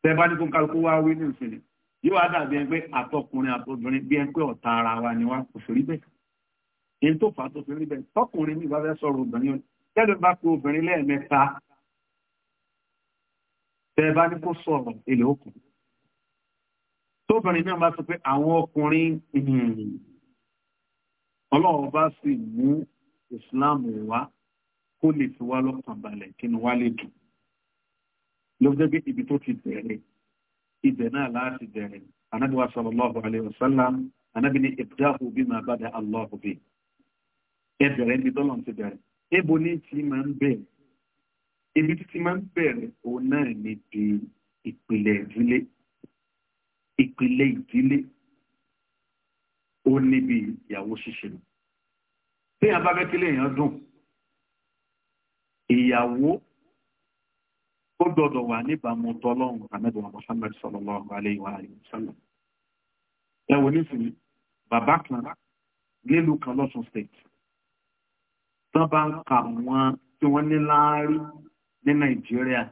A: tẹ́ bá ní kó kálukú wá wí ní ìsinmi yóò wá dàbí ẹgbẹ́ àtọkùnrin àtobìnrin bí ẹgbẹ́ ọ̀tá ara wa ni wá kò sí rí bẹ́ẹ̀ ní tó fà á tó fi rí bẹ́ẹ̀ tọkùnrin mi bá fẹ́ sọ̀rọ̀ obìnrin tẹ́lẹ̀ bá pe obìnrin lẹ́ẹ̀mẹ́ta tẹ́ bá ní kó sọ̀rọ̀ èlé òkun tóbìnrin náà bá sọ pé àwọn ọkùnrin hmm, ọlọ́run bá sì mú ìsìláàmù wá kó lè fi wá lọ́kàn balẹ̀ kí ni wá lè dùn ló fi ibi tó ti bẹ̀rẹ̀ ibẹ̀ náà láti bẹ̀rẹ̀ anabi wa sallallahu alayhi wa sallam anabi ni ibdahu bima bada allahu bi ẹ bẹ̀rẹ̀ ibi tọ́lọ̀ ti bẹ̀rẹ̀ ebo ní ti máa ń bẹ̀rẹ̀ ibi títí máa ń bẹ̀rẹ̀ òun náà ni di ìpìlẹ̀ ìdílé ìpìlẹ̀ ìdílé ó níbi ìyàwó ṣíṣe lọ. Tí a bá fẹ́ kílé dùn, ìyàwó ó gbọdọ̀ wà níbàámu tọ́lọ́run àmẹ́bùn Muhammad sallallahu alayhi wa sallam ẹ wò nísìnyí bàbá kan nílùú kan lọ́sùn state tán bá ń ka wọn tí wọ́n ní láárí ní nàìjíríà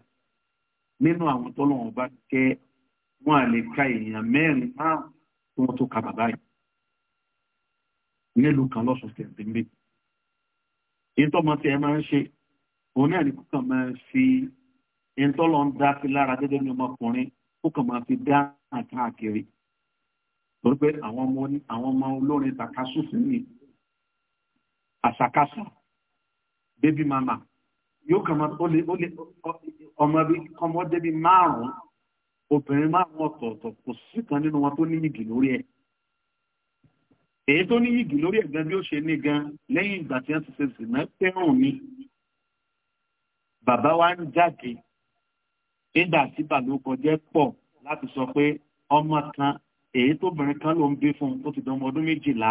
A: nínú àwọn tọ́lọ́run bá kẹ́ wọn à lè ka èèyàn mẹ́rin márùn tí wọ́n tó ka bàbá yìí nílùú kan lọ́sùn state bíbí ìtọ́mọ tí máa ń ṣe òun náà ní kúkà máa ń fi ìtọ́lọ̀ ń dá sí lára gẹ́gẹ́ bí ọmọkùnrin ó kàn máa fi dá àtàn àkèrè torí pé àwọn ọmọ àwọn ọmọ olórin takasúfin ni àṣàkáṣà bébí mama yóò kàn máa ó lè ó lè ọmọ bí ọmọdé bí márùn-ún obìnrin márùn-ún ọ̀tọ̀ọ̀tọ̀ kò sí kan nínú wọn tó ní yìgì lórí ẹ̀ èyí tó ní yìgì lórí ẹ̀gbẹ́ bí ó ṣe ní gan lẹ́yìn ìgbà tí wọ́n ti ṣe sì náà fẹ́ràn mi bàbá wa ń jáde nígbà tí bàlókọjẹ́ pọ̀ láti sọ pé ọmọ kan èyí tóbìnrin kan ló ń bí fún un tó ti dánmọ ọdún méjìlá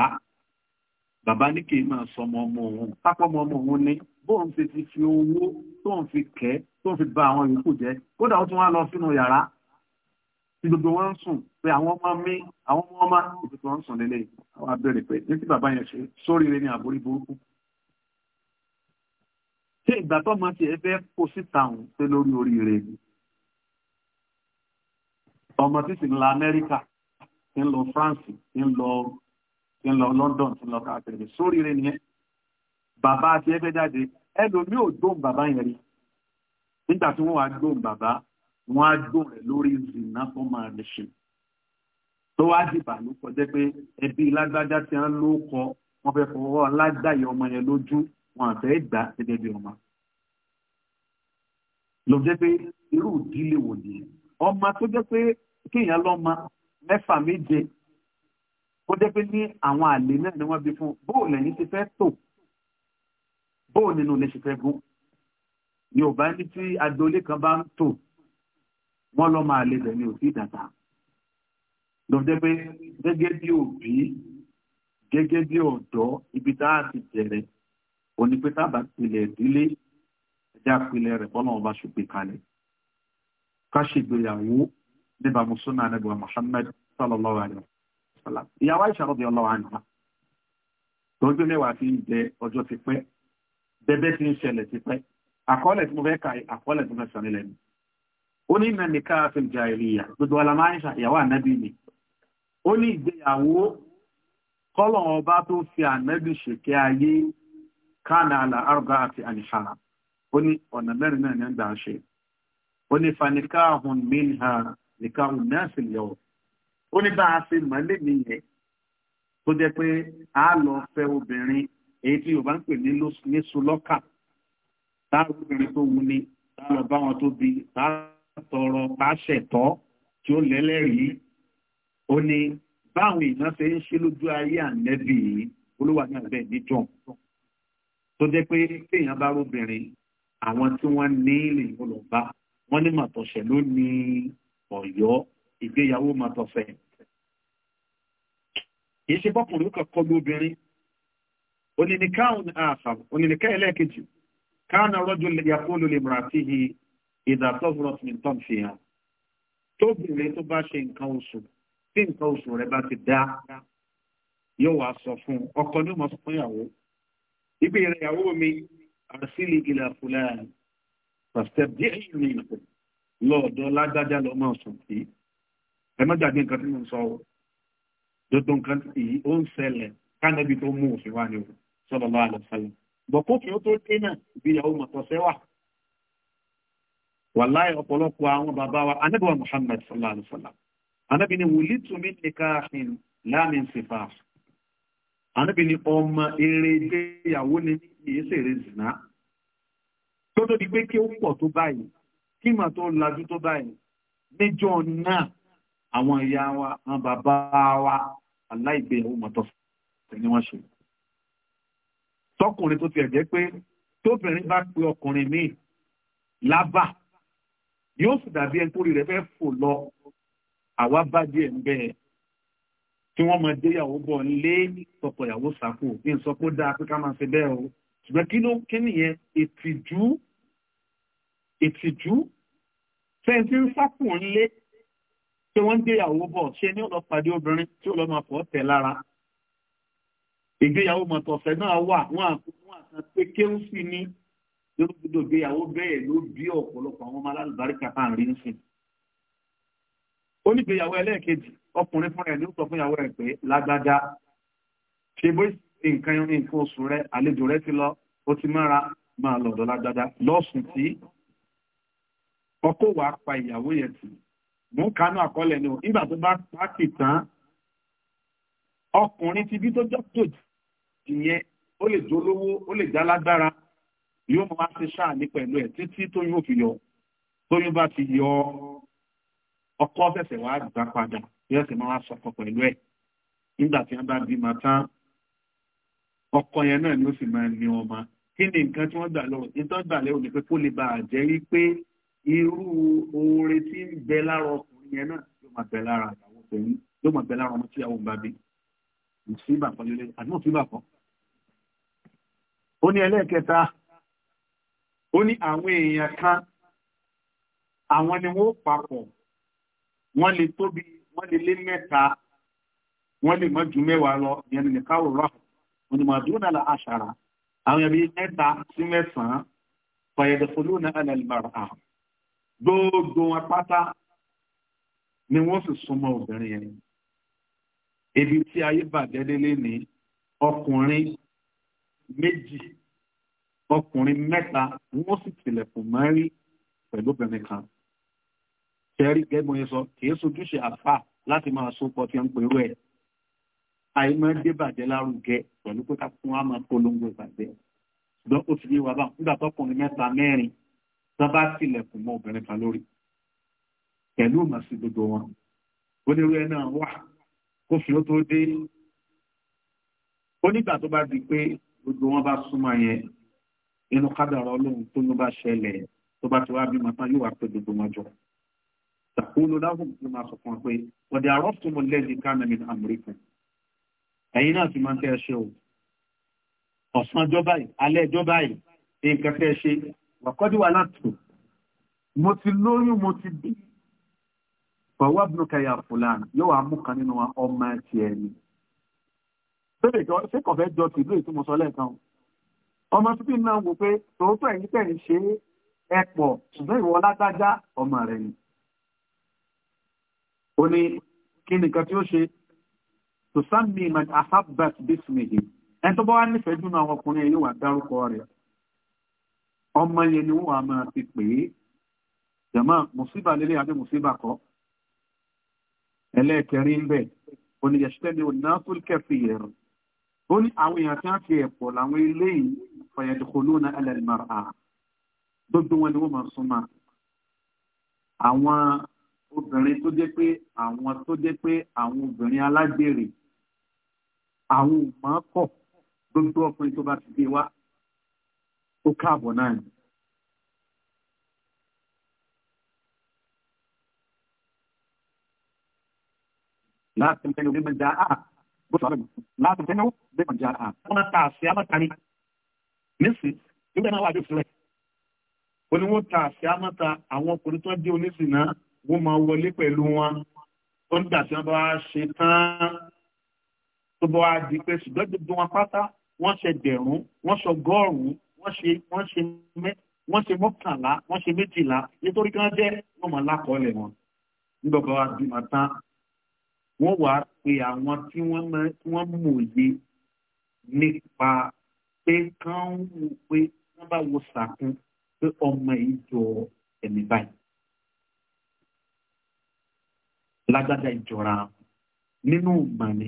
A: bàbá ní kì í máa sọmọ ọmọ òun pápọ́mọ ọmọ òun ni bóun ti ti fi owó tóun fi kẹ́ tóun fi ba àwọn yòókù jẹ́ kódà ó tún wá lọ sínú yàrá tí gbogbo wọn ń sùn pé àwọn ọmọ mi àwọn ọmọ ọmọ ìdìbò wọn ń sùn lélẹ̀ àwọn abẹ́rẹ́ pé ní tí bàbá yẹn ṣe sóríire ní àbórí burúkú ṣé ìgbà tó máa ti fẹ́ kó síta òun pé lórí oríire ni ọmọ tí sì ń la amẹ́ríkà tí ń lọ france tí ń lọ london tí ń lọ káàkiri sórí rẹ nìyẹn bàbá àti ẹgbẹ́ jáde ẹlòmíì ò dóhùn bàbá yẹn rí nígbà tí wọ́n wá dóhùn bàbá wọ́n á dóhùn rẹ̀ lórí zina fún máa lè ṣe tó wá dìbà ló kọjá pé ẹbí lágbájá tí wọ́n ló kọ wọ́n fẹ́ fọwọ́ alágbàyẹ ọmọ yẹn lójú wọn àfẹ́ gbà gẹ́gẹ́ bí ọmọ lọ pé irú ìdílé wò ni ọmọ tó jẹ́ pé kéèyàn lọ ma mẹ́fà méje ó jẹ́ pé ní àwọn àlè náà ni wọ́n bí fún bóò lẹ́yìn ti fẹ́ tò bóò nínú lè ṣe fẹ́ gún yorùbá ní tí adolé kan bá ń tò wọ́n lọ máa lè bẹ̀ ní òsì ìdàtà lọ jẹ́ pé gẹ́gẹ́ bí òbí gẹ́gẹ́ bí ọ̀dọ́ ibi tá a ti jẹ̀rẹ̀ òní pé tábà pilẹ̀ ìdílé ẹja pilẹ̀ rẹ̀ bọ́lá wọn bá ṣùgbé kalẹ̀ ká ṣègbéyàwó níbà mùsùlùmí anábìwá Muhammad sallallahu alayhi wa sallam ìyàwó Aisha radiyallahu anha tó ń gbé mẹ́wàá fi ń jẹ ọjọ́ ti pẹ́ bẹ́bẹ́ ti ń ṣẹlẹ̀ ti pẹ́ àkọọ́lẹ̀ tí mo fẹ́ ka àkọọ́lẹ̀ tí mo fẹ́ sọ nílẹ̀ ni ó ní ìnà nìka fil jahiliya gbogbo alamọ Aisha ìyàwó anábì ni ó ní ìgbéyàwó kọ́lọ̀ ọba tó fi ànábì ṣèké ayé kánà àlà àrùgá àti àníṣàrà ó ní ọ̀nà mẹ́rin náà ní ń gbà ṣe ó ní fanikahun minha nìkan ọ̀hún náà sì lọ ó ní bá a ṣe mọ̀lẹ́ mi yẹ tó jẹ́ pé a lọ fẹ́ obìnrin èyí tí yorùbá ń pè ní léṣu lọ́kà tá a obìnrin tó wu ni tá a lọ bá wọn tó bi tá a tọrọ tá a ṣẹ̀tọ́ tí ó lẹ́lẹ́rìí ó ní báwọn èèyàn ṣe ń ṣe lójú ayé ànẹ́bì yìí olúwa ní abẹ́ níjọ́ tó jẹ́ pé kéèyàn bá obìnrin àwọn tí wọ́n ní lè lọ bá wọ́n ní màtọ̀ṣẹ̀ ló ní ọ̀yọ́ ìgbéyàwó máa tọ̀fẹ́. kìí ṣe bọ́kùnrin ó kàn kọlu obìnrin onínìká àfàm onínìká ẹlẹ́ẹ̀kejì káànà rọ́jò yakóló lè múra sí i ìdàtọ́fúrọ́sì ní tọ́m fi hàn tóbìnrin tó bá ṣe nǹkan oṣù tí nǹkan oṣù rẹ̀ bá ti dá yóò wá sọ fún ọkọ ní mọ̀ fún ìyàwó ibi ìrẹ̀yàwó mi àrùsílì ilẹ̀ fúlẹ̀ pàṣẹ díẹ̀ yìí ní lọ́ọ̀dọ́ lágbájá lọ máa sùn sí ẹ má gbàgbé nǹkan tí mo ń sọ o dodo nǹkan tí ó ń ṣẹlẹ̀ kánẹ́bí tó mú òfin wá ní o sallallahu alaihi wasallam bọ̀ kókè ó tó dé náà ìgbéyàwó mọ̀tọ́sẹ́ wà wàláì ọ̀pọ̀lọpọ̀ àwọn bàbá wa anábìwà Muhammad sallallahu alaihi wasallam anábì ni wùlítù mi nikahin la min sifah anábì ni ọmọ eré ìgbéyàwó ni ìyẹsẹ̀ rẹ̀ zìnà tó tó di pé kí ó pọ̀ tó báyìí kí mà tó lajú tó báyìí níjọ́ náà àwọn ìyá wa àwọn bàbá wa aláìgbéyàwó mọ̀tọ́ ni wọ́n ṣe tọkùnrin tó tiẹ̀ jẹ́ pé tóbìnrin bá pe ọkùnrin míì lábà yóò sì dàbí ẹni tó rí rẹ̀ fẹ́ fò lọ àwa bá díẹ̀ ń bẹ́ẹ̀ tí wọ́n máa dé ìyàwó bọ̀ lé tọkọ ìyàwó sàkó ní ìsọpọ̀ dáa pé ká máa ṣe bẹ́ẹ̀ o ṣùgbọ́n kí ló kí nìyẹn ìtìjú ìtìjú fẹ́ǹsì ń sákùn lé tí wọ́n ń gbéyàwó bọ̀ ṣe ní ọ̀dọ̀ pàdé obìnrin tí ó lọ máa pọ̀ tẹ̀ lára ìgbéyàwó mọ̀tọ̀fẹ́ náà wà wọ́n àkókò àkàn pé kéwù sí ní lórúkúdò ìgbéyàwó bẹ́ẹ̀ ló bí ọ̀pọ̀lọpọ̀ àwọn ọmọ alálùbáríkà tá à ń rí sí. ó ní ìgbéyàwó ẹlẹ́ẹ̀kejì ọkùnrin fúnra ẹ̀ ló sọ fún ìyàwó ẹ̀ pé lágbájá ṣe bó nǹkan nǹkan oṣù rẹ àlejò rẹ ti lọ ó ti mára máa lọ̀dọ̀ lágbájá lọ́sùn tí ọkọ wàá pa ìyàwó yẹn tì mò ń kanú àkọọ́lẹ̀ ni o nígbà tó bá pa tì tán ọkùnrin ti bí tó jọ tó ìyẹn ó lè jólówó ó lè já lágbára yóò máa ṣe ṣáàní pẹ̀lú ẹ̀ títí tóyún òfin yọ tóyún bá ti yọ ọkọ fẹsẹ̀ wàá gbà padà yóò sì máa sọkọ pẹ̀lú ẹ̀ nígbà tí wọ́n bá bímọ tán ọkọ yẹn náà ni ó sì máa ní ọmọ kí ni nǹkan tí wọ́n gbà lọ́rùn nítorí gbà lẹ́rù ni pé kó lè bàa jẹ́ wípé irú oore tí ń bẹ lára ọkùnrin yẹn náà yóò máa bẹ lára àwọn obìnrin yóò máa bẹ lára ọmọ tí àwọn bá bí mùsùlùmí kan lélẹ̀ àti mùsùlùmí kan. ó ní ẹlẹ́ẹ̀kẹta ó ní àwọn èèyàn kan àwọn ni wọ́n papọ̀ wọ́n lè tóbi wọ́n lè lé mẹ́ta wọ́n lè mọ́ ju mẹ́wàá lọ ìyẹn ní káwọ̀ rọ̀ onímọ̀dúnà la àṣàrà àwọn ẹbí mẹ́ta sí mẹ́sàn-án fàyẹ̀dẹ̀fọ́lù náà gbogbo wọn pátá ni wọ́n sì súnmọ́ obìnrin yẹn ibi tí ayé bàjẹ́ délé ní ọkùnrin méjì ọkùnrin mẹ́ta wọ́n sì tilẹ̀kùn mẹ́rí pẹ̀lú obìnrin kan tẹ́rí gẹ́gbọ́n yẹn sọ kìí sojúṣe àfà láti máa sopọ̀ tí ń pèrú ẹ̀ àìmọ́dé bàjẹ́ lárugẹ pẹ̀lú pé ká fún wa máa polongo ìbàjẹ́ ṣùgbọ́n ó ti yé wa báwọn nígbà tọkùnrin mẹ́ta mẹ́rin tán bá tilẹ̀kùn mọ́ obìnrin kan lórí pẹ̀lú màsí gbogbo wọn onírú ẹ náà wà kófin ó tó dé onígbà tó bá di pé gbogbo wọn bá súnmọ́ yẹn inú kádàrá ọlọ́run tó ló bá ṣẹlẹ̀ tó bá ti wá bímọ tán yóò wá pé gbogbo wọn jọ tàkúlù láwùjọ ló máa sọ fún wọn pé ọ̀dẹ̀ àrọ́sùnmọ̀ lẹ́ẹ̀dì kánàmì àmúríkù ẹ̀yin náà ti máa ń tẹ́ ẹ ṣe o ọ̀sán ọjọ́ báyìí alẹ́ ọjọ́ báyìí nǹkan tẹ́ ẹ ṣe wàkọ́dí wà látò mo ti lóyún mo ti bí bọ̀wọ́ bí kẹyà fúlàní yóò wá mú kan nínú ọmọ ẹtì ẹni bẹ́ẹ̀ jọ ṣé kọ̀fẹ́ jọ tìlú èyí tí mo sọ lẹ́ẹ̀kan ọmọ tí bí náà wò pé tòótọ́ ẹ̀yìn tẹ̀yìn ṣe é ẹ̀pọ̀ ṣùgbọ́n ìwọ lágbájá ọmọ rẹ̀ ni ó ní kí nìkan tí ó ṣe tòsánmi àfàbàt bísmìhì ẹni tó bá wá nífẹ̀ẹ́ jùlọ àwọn ọkùnrin yìí wà dárúkọ rẹ̀ ọmọ yẹn ni wọ́n wà máa fi pè é jẹ̀mọ́ mùsíbà lélẹ̀ àbí mùsíbà kọ́ ẹlẹ́ẹ̀kẹrin ń bẹ̀ oníyẹ̀ṣẹ́ ni onáfúl kẹfìyẹ̀r ó ní àwọn èèyàn tí wọ́n ti ẹ̀pọ̀ làwọn eléyìí fọyẹ̀dìkọlù na ẹlẹ́dìmọ̀rà gbogbo wọn ni wọ́n máa súnmọ́ àwọn obìnrin tó jẹ́ pé àwọn tó jẹ́ pé àwọn obìnrin alágbèrè àwọn ò mọ́ kọ̀ gbogbo ọkùnrin tó bá ti dé wá ó káàbọ̀ náà ni. láti mẹ́nu bí mẹ́jà á bó sọ̀rọ̀ láti mẹ́nu bí mẹ́jà á. wọ́n ta àṣẹ amátani nísì nígbà náà wà ní ìsìlẹ̀. ó ní wọ́n ta àṣẹ amáta àwọn ọkùnrin tó jẹ́ onísìn náà wọ́n máa wọlé pẹ̀lú wọn tó ń gbà tí wọ́n bá ṣe tán tó bá di pé ṣùgbọ́n gbogbo wọn pátá wọ́n ṣe dẹ̀rún wọ́n ṣe gọ́ọ̀rún wọ́n ṣe wọ́n ṣe mẹ́ wọ́n ṣe mọ́kànlá wọ́n ṣe méjìlá nítorí kí wọ́n jẹ́ wọ́n mọ̀ lákọọ́lẹ̀ wọn nígbàgbọ́ àbímọ tán wọ́n wà á pe àwọn tí wọ́n mòye nípa pé kán wò pé wọ́n bá wo sàkún pé ọmọ yìí jọ ẹ̀mí báyìí lágbádá ìjọra nínú ìgbàni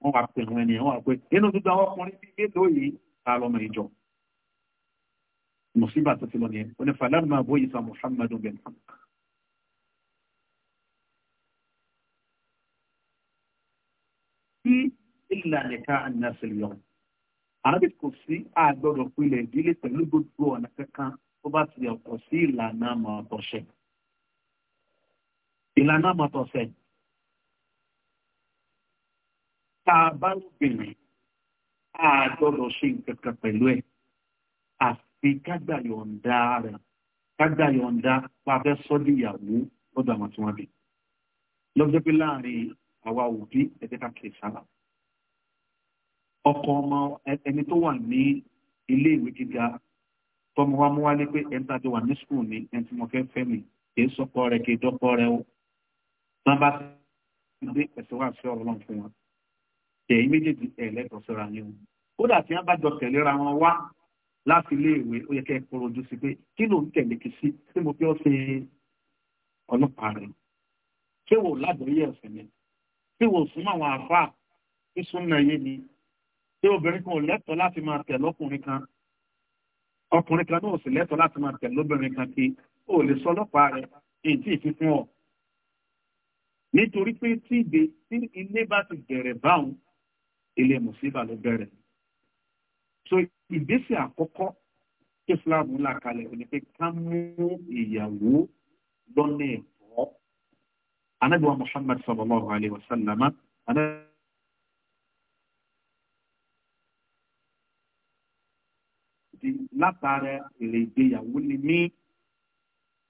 A: wọ́n wà pé àwọn ènìyàn wà pé nínú gbogbo àwọn ọkùnrin bíi mélòó yìí ta lọ́mọ ìjọ mùsùlùmí àti tìlọ nìyẹn ó ní fàlànà máa bóyí sa muhammadu bin hamad. sí ìlànà ká ànásìlì yọ àrábì kò sí àgbọdọ̀ pilẹ̀ ìdílé pẹ̀lú gbogbo ọ̀nà kankan tó bá ti ọ̀pọ̀ sí ìlànà àmọ̀tọ̀ṣẹ̀. ìlànà àmọ̀tọ̀ṣẹ̀ tá a bá lóbìnrin a ṣe nǹkan kan pẹ̀lú ẹ̀ bí kágbà yọ̀ǹda rẹ̀ kágbà yọ̀ǹda pa fẹ́ sọ́dí ìyàwó lọ́dọ̀ àwọn tí wọ́n bí lọ́jọ́ pé láàrin àwa òbí ẹ̀jẹ̀ ká kìí sára ọkọ ọmọ ẹni tó wà ní ilé ìwé gíga tọmọ wa mú wálé pé ẹni tàbí wà ní skul ni ẹni tí mo fẹ́ fẹ́ mi kì í sọkọ rẹ kì í dọ́kọ rẹ o tán bá ti dé ẹ̀sẹ̀ wà sí ọ̀rọ̀ lọ́n fún wọn tẹ̀yìn méjèèjì ẹ̀ lẹ́tọ̀ọ́ sọ́ra yín kódà tí wọ́n bá jọ tẹ̀léra wọn wá láti ilé ìwé ó yẹ kẹ́ ẹ kúrò ojú sí pé kí ló ń tẹ̀lé kí sí tí mo fi ọ́ ṣe ọlọ́pàá rẹ̀ ṣé wò lágbóyè ẹ̀sìn ni ṣé wò súnmọ́ àwọn àfáà tí súnmọ́ ẹ̀yẹ ni ṣé obìnrin kan ò lẹ́tọ̀ọ́ láti máa tẹ̀ lọ́kùnrin kan ọkùnrin kan náà ò sì lẹ́tọ̀ọ́ láti máa tẹ̀ lóbìnrin kan kí ó lè sọ ọlọ́pàá rẹ̀ èyí tí fún ọ nítorí pé tí ìgbé tí ilé bá ti bẹ̀rẹ̀ báwọn ilé mùsíbà ló bẹ̀rẹ̀ so ìgbésẹ̀ àkọ́kọ́ tí Islam là kalẹ̀ òní pé ká mú ìyàwó lọ́nà ẹ̀tọ́ Ànábì Muhammad sallallahu alayhi wa sallam di látara èrè ìgbéyàwó ni mí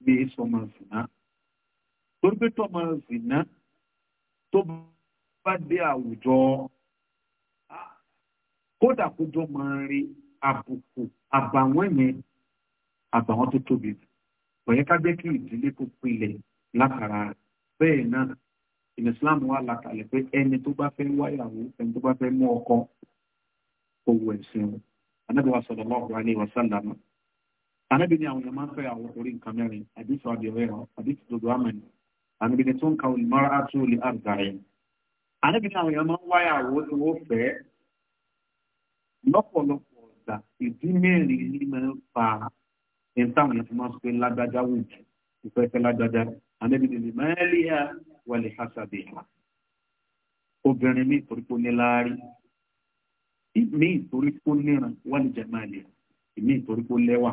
A: bí sọmọ zìnà torí pé tọmọ zìnà tó bá dé àwùjọ ah, kódà kó jọ máa rí àbùkù àbàwọ́n yẹn àbàwọ́n tó tóbi bọ̀yẹ́ ká jẹ́ kí ìdílé kó pilẹ̀ látara bẹ́ẹ̀ náà ìlú Islam wà látàlẹ̀ pé ẹni tó bá fẹ́ wáyàwó ẹni tó bá fẹ́ mú ọkọ owó ẹ̀sìn o anábì wa sallallahu alaihi wasallam anábì ni àwọn èèyàn máa ń fẹ́ àwọn orí nǹkan mẹ́rin àdìsọ àbẹ̀wẹ̀ àdìsọ dodo amẹ́ni anábì ni tó ń ka olùmọ́ra àtúwòlì àgbàrẹ̀ anábì ni àwọn èèyàn máa ń wáyàwó tó wọ́n fẹ́ lọ́pọ̀lọpọ̀ gbà ìdí mẹ́rin ní máa ń fa ẹni táwọn yẹn fi máa ń sọ pé lágbájá wò jù ìfẹ́fẹ́ lágbájá anábìnrin ní máa ń lé ha wàlẹ̀ hasabi ha obìnrin mi torí pé ó ní láárí mi torí pé ó níran wàlẹ̀ jẹ̀máàlì mi torí pé ó lẹ́wà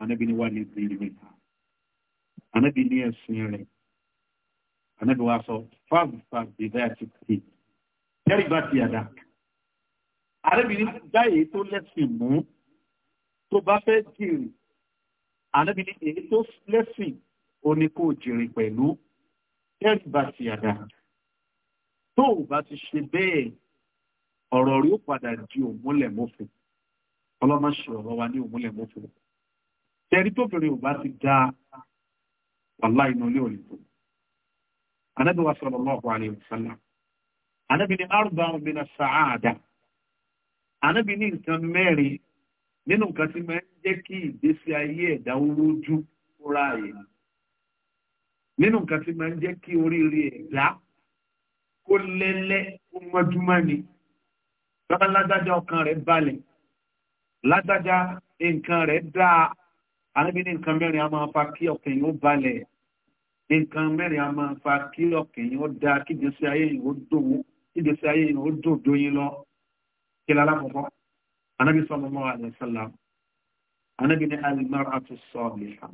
A: anábìnrin wàlẹ̀ zèrè ha anábìnrin ẹ̀sìn rẹ̀ anábìnrin wa sọ fáàbù fáàbù bíbẹ́ àti kìí kẹ́rì ti yàdá àrẹ́bìnrin dáyé tó lẹ́sìn mú tó bá fẹ́ jèrè àrẹ́bìnrin èyí tó lẹ́sìn oní kò jèrè pẹ̀lú tẹ́rì bá ti àdá tó o bá ti ṣe bẹ́ẹ̀ ọ̀rọ̀ rí ó padà di òmúlẹ̀mọ́fẹ́ ọlọ́mọṣẹ́ ọ̀rọ̀ wa ní òmúlẹ̀mọ́fẹ́ tẹ́rí tóbìnrin ò bá ti dá wàlá inú ilé òní tó anábìwá sallallahu alaihi wasallam anábìnrin arúgbó àwọn ànábì ní nǹkan mẹ́rin nínú nǹkan tí máa ń jẹ́ kí ìgbésí ayé ẹ̀dá olójú kóra èyí nínú nǹkan tí máa ń jẹ́ kí oríire ẹ̀dá kó lẹ́lẹ́ kó mọ́júmọ́ ni bàbá lágbájá ọkàn rẹ̀ balẹ̀ lágbájá nǹkan rẹ̀ dáa ànábì ní nǹkan mẹ́rin a máa fa kí ọkàn yóò balẹ̀ nǹkan mẹ́rin a máa fa kí ọkàn yóò dáa kí ìgbésí ayé yìí ó dòwó kí ìgbésí ayé yìí ó dòdó yín lọ kila alakoko anabi sallallahu alayhi wa sallam anabi ni almaratu saliha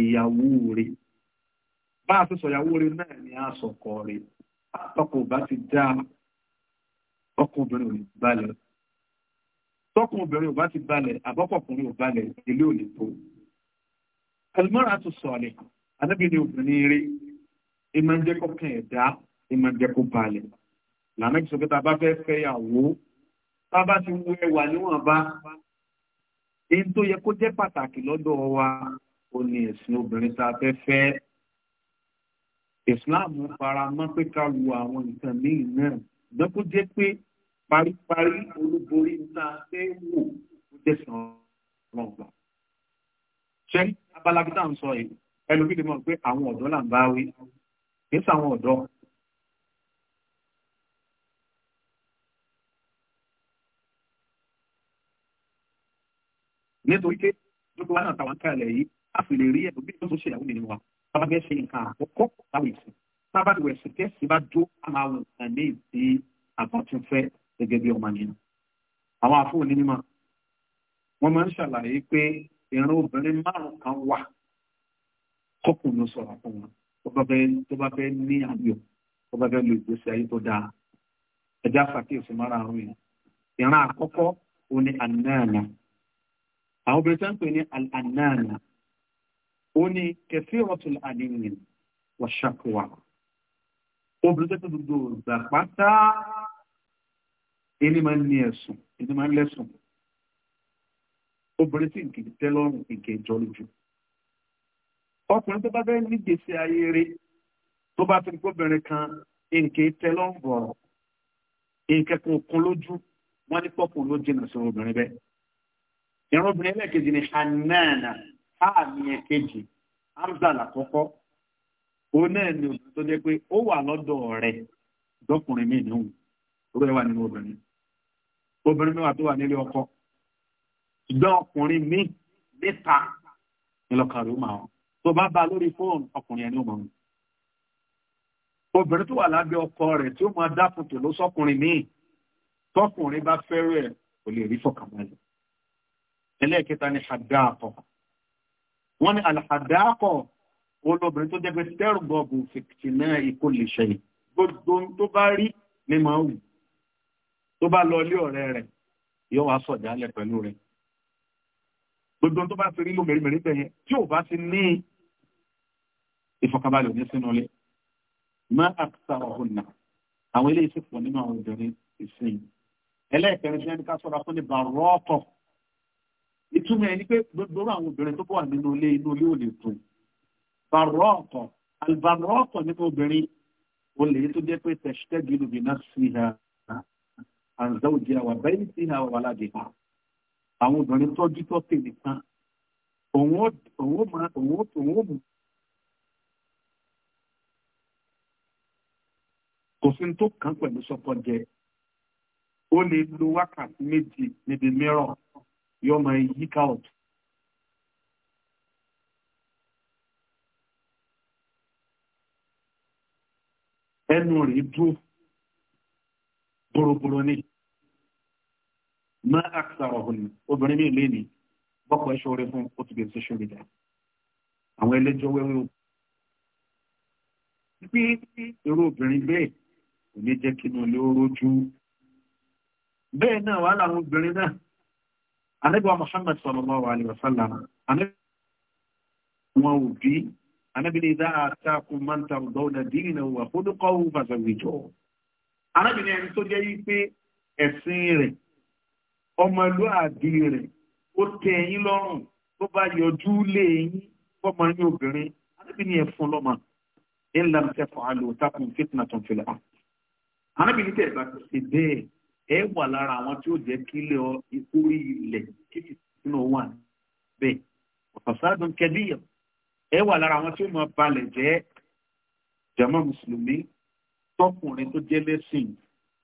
A: ìyàwó rẹ̀ bá a ti sọ ìyàwó rẹ̀ náà ni a sọ kọ rẹ̀ àtọkọ bá ti dá ọkùnrin ò balẹ̀ tọkùnrin ò bá ti balẹ̀ àbọkọkùnrin ò balẹ̀ ilé ò lè tó almaratu saliha anabi ni obìnrin rẹ̀ ìmọ̀ ń jẹ́ kó kàn ẹ̀ lànà ìṣòkè bá fẹ́ fẹ́ yàwó tábà ti wo ẹwà níwọ̀nba èyí tó yẹ kó jẹ́ pàtàkì lọ́dọ̀ wa ó ní ẹ̀sìn obìnrin tá a fẹ́ fẹ́ Islam fara mọ́ pé ká wo àwọn nǹkan míì náà ṣùgbọ́n kó jẹ́ pé paríparí olúborí tá a fẹ́ wò ó jẹ́ sàn án gbà. ṣé abalagbẹ́ta ń sọ yìí ẹlòmíì lè mọ̀ pé àwọn ọ̀dọ́ là ń bá wí kì í sàwọn ọ̀dọ́ nítorí pé gbogbo wa náà tàwọn kálẹ̀ yìí a sì lè rí ẹ̀dùn bí wọ́n ṣe ìyàwó nínú wa bàbá bẹ́ẹ̀ ṣe nǹkan àkọ́kọ́ táwọn ìsìn bàbá ìwẹ̀ ẹ̀sìn tẹ́sí bá jó a máa wọ nǹkan ní ìdí àbátúnfẹ́ gẹ́gẹ́ bí ọmọ nínú. àwọn àfọwọ́ ní mímọ́ wọ́n máa ń ṣàlàyé pé ìran obìnrin márùn kan wà kọkùnrin sọ̀rọ̀ fún wọn tó bá fẹ́ ní àyọ̀ tó bá fẹ́ lo ìgbésí ayé tó dáa ẹja fàkíyèsí márùn-ún yìí ìran àkọ́kọ́ òní ànáàna àwọn obìnrin tó ń pè ní al-anana ó ní kathiratul àdéhùn wa shakwa obìnrin tó ń pè gbogbo ìgbà pátá ẹni máa ń ní ẹ̀sùn ẹni máa ń lẹ́sùn obìnrin tí nǹkan tẹ́ lọ́rùn nǹkan ìjọ lójú ọkùnrin tó bá fẹ́ ní gbèsè ayé tó bá fi gbóbìnrin kan nǹkan tẹ́ lọ́rùn bọ̀rọ̀ nǹkan kan kún lójú wọ́n ní pọ́pù ló jìnnà sí obìnrin bẹ́ẹ̀ ìrúbìnrin ẹlẹ́ẹ̀kejì ni hanana àmì ẹ̀kejì hamza làkọ́kọ́ òun náà ni obìnrin tó jẹ́ pé ó wà lọ́dọ̀ rẹ̀ dọ́kùnrin mi nìhùn orú ẹ̀ wà nínú obìnrin obìnrin mi wà tó wà nílé ọkọ ṣùgbọ́n mi níta ìlọkàrí ó máa wọn tó bá bá lórí fóònù ọkùnrin ẹni ó máa wọn obìnrin tó wà lábẹ́ ọkọ rẹ̀ tí ó máa dákùn tó ló sọkùnrin míì tọkùnrin bá fẹ́rẹ̀ ẹ̀ kò lè rí fọkànbalẹ̀ ẹlẹ́ẹ̀kẹta ni àdáàkọ̀ wọ́n ní àdáàkọ̀ olóbìnrin tó jẹ́ pé stẹ́rùgọ́bù fìtìnà ikú lè ṣe gbogbo tó bá rí ní máa wù tó bá lọ ilé ọ̀rẹ́ rẹ̀ yóò wá sọ̀dálẹ̀ pẹ̀lú rẹ̀ gbogbo tó bá fi rí ló mèremère bẹ̀yẹn tí ò bá ti ní ìfọ̀kànbalẹ̀ òní sínú ilé má àkùsà ọ̀hún àwọn eléyìí sì nínú àwọn obìnrin ìsìn ẹlẹ́ẹ̀kẹrin ṣe ń ká sọ́ra fún ní bàrọ́ọ̀tọ̀ ìtumọ̀ ẹni pé gbogbo àwọn obìnrin tó wà nínú ilé inú ilé ò lè tún bàrọ̀ ọ̀kan àlùbàrọ̀ ọ̀kan nípa obìnrin o lè tó jẹ́ pé tẹ̀sítẹ́gì ló bìnà sí ha àǹzá òjì àwọn abẹ́yìn sí ha wà ládé ha àwọn obìnrin tọ́jú tó pè nìkan òun ó máa ó mú. kò sí tó kàn pẹ̀lú sọ́kọ jẹ o lè lo wákàtí méjì níbi mìíràn yọ máa yíká ọ̀tún ẹnu rẹ̀ dúró boroboro ní máa àkàrà ọ̀hún obìnrin mi lé ní bọ́kọ̀ ẹ̀ṣọ́ rẹ̀ fún ó ti bẹ̀rẹ̀ sí ṣọ́rẹ̀ dá àwọn ẹlẹ́jọ́ wẹ́wẹ́ o bí irú obìnrin bẹ́ẹ̀ kò ní jẹ́ kí inú ilé ó rójú bẹ́ẹ̀ náà wà láwọn obìnrin náà anẹ́bíwá Muhammad sallallahu alaihi wa sallam anẹ́bíwá òbí anẹ́bíwá ìdá àtàkù mọ́ntà ọ̀dọ́ọ̀dà dínà wà fódúkọ́wù fàṣẹwìjọ́ anẹ́bíwá ẹni tó jẹ́ yí pé ẹ̀sìn rẹ̀ ọmọlúàbí rẹ̀ ó tẹ́ yín lọ́rùn tó bá yọjú lé yín fọ́mọ yín obìnrin anẹ́bíwá ẹ̀ fún lọ́mọ ẹ̀ ń lam tẹ́fọ̀ àlò tákùn fitna tó ń fi lọ́ ẹ wà lára àwọn tí ó jẹ́ kílẹ̀ orí ilẹ̀ títí sínú wà bẹ́ẹ̀ ọ̀sádùn kẹbíyà ẹ wà lára àwọn tí ó máa balẹ̀ jẹ́ jama mùsùlùmí tọkùnrin tó jẹ́ lẹ́sìn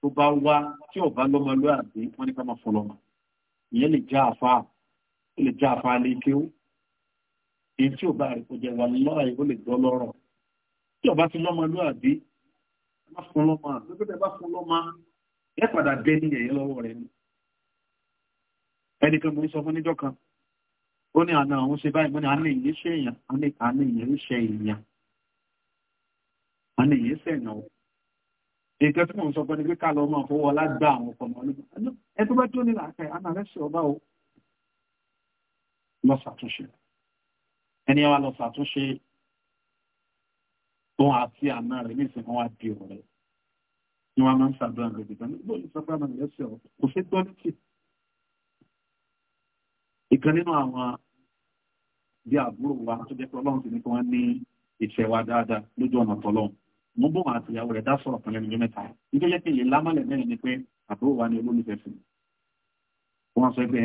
A: tó bá wá tí ọba lọ́mọlúwàbí wọn ní ká máa fọlọ́mọ ìyẹn lè já àfa ó lè já àfa lè kéwú èyí tí ọba rẹ̀ kò jẹ́ wà lọ́ọ̀ẹ́ ó lè gbọ́ lọ́rọ̀ tí ọba ti lọ́mọlúwàbí ẹ má fún lọ́mọ lókè tẹ bá fún lọ́mọ ẹ padà bẹ ní ẹ̀yìn lọ́wọ́ rẹ̀ ni ẹnìkan mo ń sọ fún níjọ́ kan ó ní àna àwọn ṣe báyìí mo ní àna ìyẹn ṣe èèyàn àna ìyẹn ń ṣe èèyàn àna ìyẹn ṣe èèyàn o ètò tí mo ń sọ fún ni pé ká lọ máa fọwọ́ lágbá àwọn ọkọ̀ mọ́ ẹ tó bá tó ní làákà àna rẹ̀ ọba o lọ ṣàtúnṣe ẹni wa lọ ṣàtúnṣe òun àti àna rẹ̀ ní ìsìn wọn di ọ̀rẹ́ ni wọ́n máa ń ṣàdúrà lójú kan nígbà tó sọ pé àwọn èèyàn ṣe ọ̀rọ̀ kò ṣe gbọ́ létí. ìkan nínú àwọn bí àbúrò wa tó jẹ́ pé ọlọ́run ti ní kí wọ́n ní ìfẹ́ wa dáadáa lójú ọ̀nà tọ́lọ́run mo bọ̀ àti ìyàwó rẹ̀ dá sọ̀rọ̀ kan lẹ́nu mẹ́ta nítorí jẹ́ pé èyí lámàlẹ̀ mẹ́rin ni pé àbúrò wa ni olólùfẹ́ fún mi. wọ́n sọ pé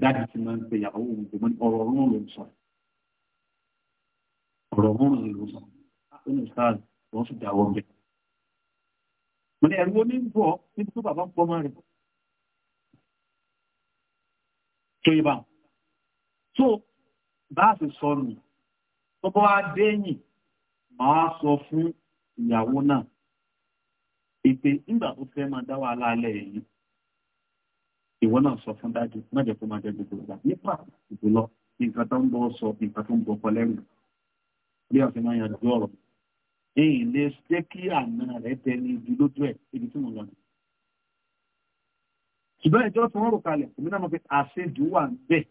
A: dáàdì ti máa ń pe ìyàwó òun pé ọ̀rọ̀ ọ̀run ló ń sọ ọ̀rọ̀ ọ̀run ló ń sọ ó ní ìsáàlì wọ́n sì dáwọ́ bẹ́ẹ̀ mo ní ẹ̀rù oníbọ̀ níbi tó bàbá ń pọ́ máa rẹ̀ bọ̀ tó yẹ bá wọn. tó bá a sì sọnù tó bá wá déyìn màá sọ fún ìyàwó náà ìpè nígbà tó fẹ́ máa dá wàhálà alẹ́ yìí ìwọ náà sọ fún dájú má jẹ́ kó máa jẹ gbogbo ìgbà nípa ìjùlọ nǹkan tó ń bọ̀ sọ nǹkan tó ń bọ̀ pọ̀ lẹ́rù bí ọ̀sẹ̀ máa yanjú ọ̀rọ̀ èyí lè ṣe kí àna rẹ̀ tẹni ibi lójú ẹ̀ ibi tí mo lọ nù. ṣùgbọ́n ìjọ tí wọ́n rò kalẹ̀ èmi náà mọ̀ pé àṣejù wà ń bẹ̀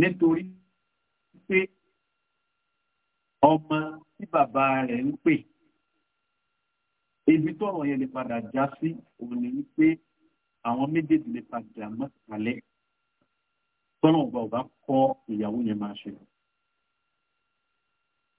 A: nítorí pé ọmọ tí bàbá rẹ̀ ń pè ibi tọrọ yẹn lè padà já sí òun ni wípé àwọn méjèèjì lè padà mọ́ kalẹ̀ tọ́nà ọba ọba kọ́ ìyàwó yẹn máa ṣe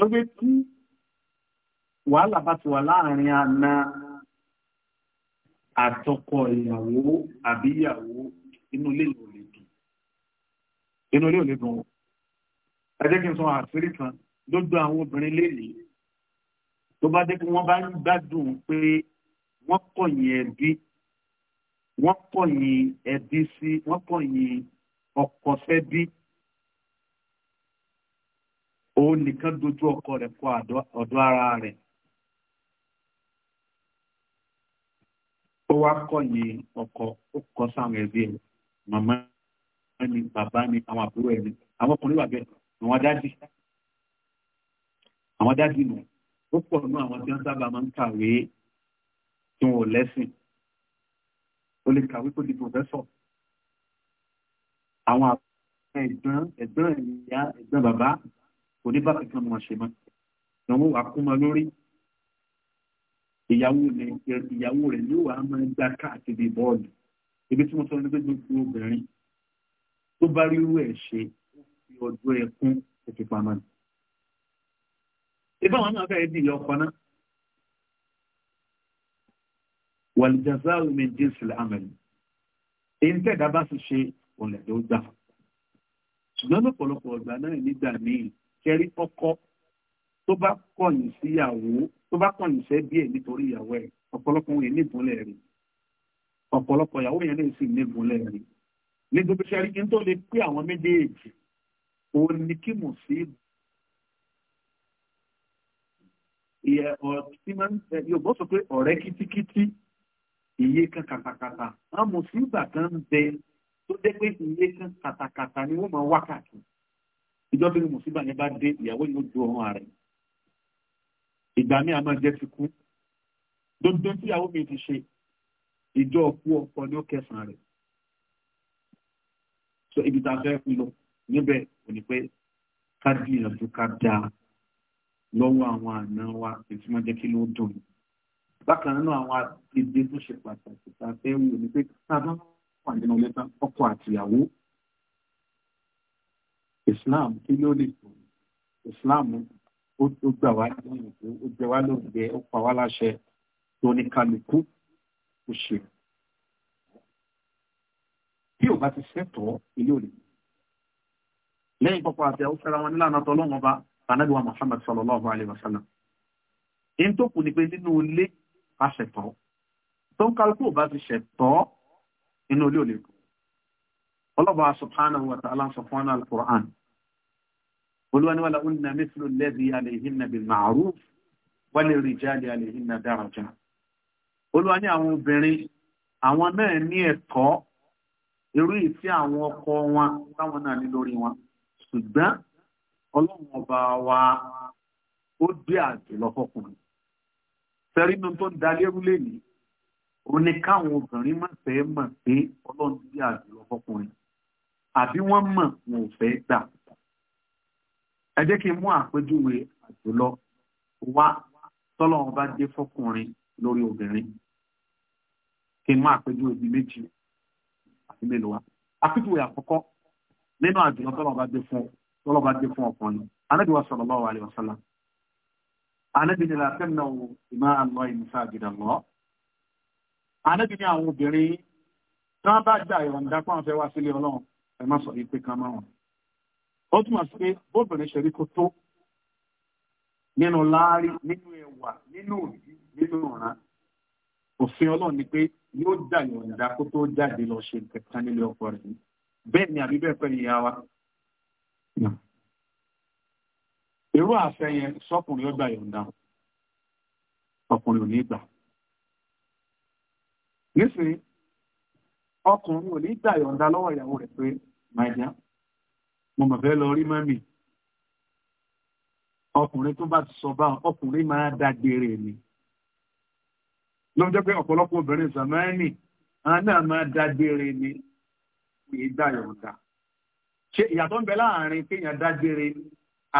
A: lọ́gbẹ́ tí wàhálà bá ti wà láàrin àna àtọkọ ìyàwó àbí ìyàwó inú ilé ò lè dùn inú ilé ò lè dùn ẹ jẹ́ kí n sọ àṣírí kan lójú àwọn obìnrin lénìí tó bá jẹ́ kí wọ́n bá ń gbádùn pé wọ́n kọ̀yìn ẹbí wọ́n kọ̀yìn ẹbí sí wọ́n kọ̀yìn ọkọ fẹ́ bí òun nìkan dojú ọkọ rẹ̀ kọ ọ̀dọ̀ ara rẹ̀ ó wá kọ̀yìn ọkọ ó kọ sáwọn ẹbí ẹ̀ màmá ni bàbá ni àwọn àbúrò ẹ̀ ni àwọn ọkùnrin wà bẹ́ẹ̀ àwọn dájú àwọn dájú nù ó pọ̀ nù àwọn tí wọ́n sábà máa ń kàwé tí wọn lẹ́sìn ó lè kàwé kó di pòfẹ́sọ̀ àwọn àbúrò ẹ̀gbọ́n ẹ̀gbọ́n ìyá ẹ̀gbọ́n bàbá kò ní bá kankan mọ̀ ṣe mọ́ ìyàwó wa kú mọ́ lórí ìyàwó rẹ̀ ìyàwó rẹ̀ ló wàá máa gbá káàkiri bọ́ọ̀lù ibi tí mo sọ ní pé gbogbo obìnrin tó bá rí irú ẹ̀ ṣe ó fi ọjọ́ ẹ kún òfin pamọ́ ni. ìbáwọn náà fẹ́ẹ́ di ìyá náà wàlìjàzá omi jésù lámẹ́lì èyí tẹ̀dá bá sì ṣe òǹlẹ̀dẹ̀ ó gbà ṣùgbọ́n lọ́pọ̀lọpọ̀ ọ̀gbà náà nígbà míì ṣẹ́rí tọkọ tó bá kọ̀yìn síyàwó tó bá kọ̀yìn sẹ́bí ẹ̀ nítorí ìyàwó ẹ̀ ọ̀pọ̀lọpọ̀ yẹn ní ìbúlẹ̀ rí ọ̀pọ̀lọpọ̀ ìyàwó yẹn náà sì ní ìbúlẹ̀ rí ní kí n tó lè pé àwọn méjèèjì òun ni kí mò sí ìyẹ ọtí máa ń tẹ yóò bọ́ sọ pé ọ̀rẹ́ kítíkítí ìyẹ kan kàtàkàtà àmọ̀ sí ìgbà kan ń bẹ tó jẹ́ pé ìyẹ kan kàtàkàtà ni wọ́n máa wá káàkiri ìjọ tó ní mùsùlùmí yẹn bá dé ìyàwó yìí ó ju ọ̀run ààrẹ ìgbà mi àmọ́ jẹ́ ti kú dodo tí ìyàwó mi ti ṣe ìjọ òkú ọkọ ní ó kẹsàn-án rẹ̀ so ibi tá a fẹ́ lọ níbẹ̀ kò ní pẹ́ ká gbìyànjú ká da lọ́wọ́ àwọn àna wa èyí máa jẹ́ kí ló dùn bákan náà àwọn àtẹ̀dé tó ṣe pàtàkì tá a fẹ́ wò ní pé tá bá wà nínú ilé tán ọkọ àtìyàwó islam kí ló lè tó islam ó gbà wá lóyún ó gbẹ wá lóògbé ó pa wá láṣẹ tó ní kálukú ó ṣe bí ò bá ti sẹ́tọ̀ọ́ ilé òde lẹ́yìn pọ̀pọ̀ àti àwùsára wọn nílànà tọ́lọ́wọ́n bá anábìwá muhammad sallallahu alayhi wa sallam in tó kù ni pé nínú ilé aṣẹ̀tọ́ tó ń kálukú ò bá ti ṣẹ̀tọ́ inú ilé òde ọlọ́ba subhanahu wa ta'ala sọ fún ọ́nà al-Qur'an olúwaníwàlá ولا mẹ́sìlò lẹ́bí àlèhìnà bil ma'ruf wọ́n lè rí jáde يا daraja olúwa ní àwọn obìnrin àwọn náà ní ẹ̀tọ́ irú ìtí àwọn ọkọ wọn táwọn náà ní lórí wọn ṣùgbọ́n ọlọ́run ọba wa ó dé àjùlọ fọkùnrin fẹ́rí mi tó ń dalérú lẹ́nu òun ni káwọn obìnrin má fẹ́ mọ̀ pé ọlọ́run dé àjùlọ fọkùnrin àbí wọ́n mọ̀ wọn ò fẹ́ gbà ẹ jẹ́ kí n mú àpèjúwe àjùlọ wá tọ́lọ́run bá dé fọkùnrin lórí obìnrin kí n mú àpèjúwe bíi méjì àti mélòó wa àpèjúwe àkọ́kọ́ nínú àjùlọ tọ́lọ́run bá dé fún tọ́lọ́run bá dé fún ọkùnrin anábì wa sallallahu alaihi wasallam anábì ni làtẹ́nà ò ìmọ̀ àlọ́ ìmísà àjùdà lọ́ anábì ni àwọn obìnrin tí wọ́n bá gbà ìrọ̀ǹda pọ́n fẹ́ wá sílé ọlọ́run ẹ̀ má sọ ìpè kan mọ́ wọn ó túmọ̀ sí pé bóbìnrin ṣe rí kó tó nínú láárí nínú ẹwà nínú òbí nínú ọ̀ràn òfin ọlọ́run ni pé yóò dà yọ̀ǹda kó tó jáde lọ ṣe kẹta nílé ọkọ rẹ̀ bẹ́ẹ̀ ni àbí bẹ́ẹ̀ pẹ́ ìyá wa. irú àfẹ yẹn sọkùnrin ó gbà yọ̀ǹda ọkùnrin ò ní gbà. nísìnyí ọkùnrin ò ní gbà yọ̀ǹda lọ́wọ́ ìyàwó rẹ̀ pé máa jẹun mo mọ̀ fẹ́ lọ rí mọ́mì ọkùnrin tó bá ti sọ bá ọkùnrin máa dágbére ni ló ń jẹ́ pé ọ̀pọ̀lọpọ̀ obìnrin sàmáìnì àwọn náà máa dágbére ni ìgbà yọ̀ǹda ṣe ìyàtọ̀ ń bẹ láàrin kéèyàn dágbére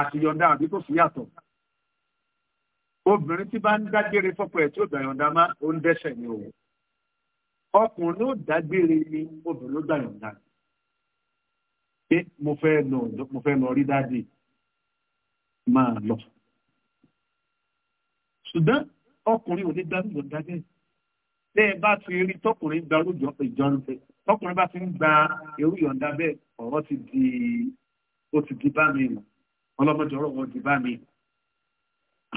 A: àti yọ̀ǹda àbí kò sí yàtọ̀ obìnrin tí bá ń dágbére fọ́pọ ẹ̀ tí ó gbà yọ̀ǹda máa ń dẹ́ṣẹ̀ ni òun ọkùnrin ó dágbére ni obìnrin ó gbà yọ̀ǹda ni pé mo fẹ́ lọ rí dáadé máa lọ ṣùgbọ́n ọkùnrin ò ní dárú lọ dájẹ́ tẹ́ ẹ bá ti rí tọkùnrin darú ìjọba tọkùnrin bá ti ń gba èrú yọ̀ǹda bẹ́ẹ̀ ọ̀rọ̀ ti di ó ti di bá mi nù ọlọ́mọdé ọ̀rọ̀ wọn di bá mi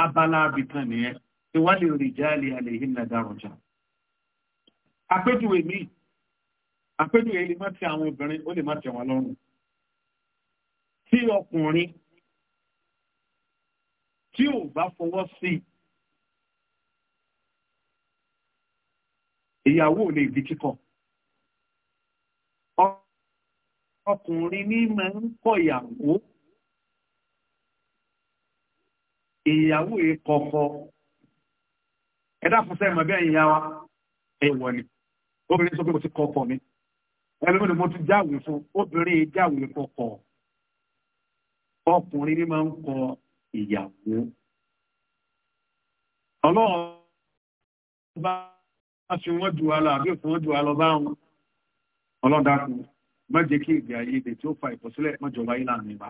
A: abala abìkan nìyẹn tí wọ́n lè rí jáàlì alẹ́ yìí nà dárọ̀jà. àpèjúwe mi àpèjúwe lè má ti àwọn obìnrin ó lè má ti àwọn lọ́rùn tí ọkùnrin tí ò bá fọwọ́ sí ìyàwó ò lè di kíkọ. Ọkùnrin ní máa ń kọ ìyàwó. Ìyàwó yìí kọ̀kọ́. Ẹ dákun sẹ́yìn mọ̀ bí ẹ̀yin yá wa. Ẹ̀wọ̀ ni. Obìnrin sọ pé mo ti kọ̀kọ̀ mi. Ẹlẹ́mìnira mo ti jáwèé fún obìnrin jáwèé kọ̀kọ̀. ọkùnrin ní máa ń kọ ìyàwó ọlọ́run bá fi wọ́n àbí òfin wọ́n bá wọn ọlọ́dàkùn má jẹ́ kí ayé tí ó fa ìkọsílẹ̀ mọ́jọba yìí lànà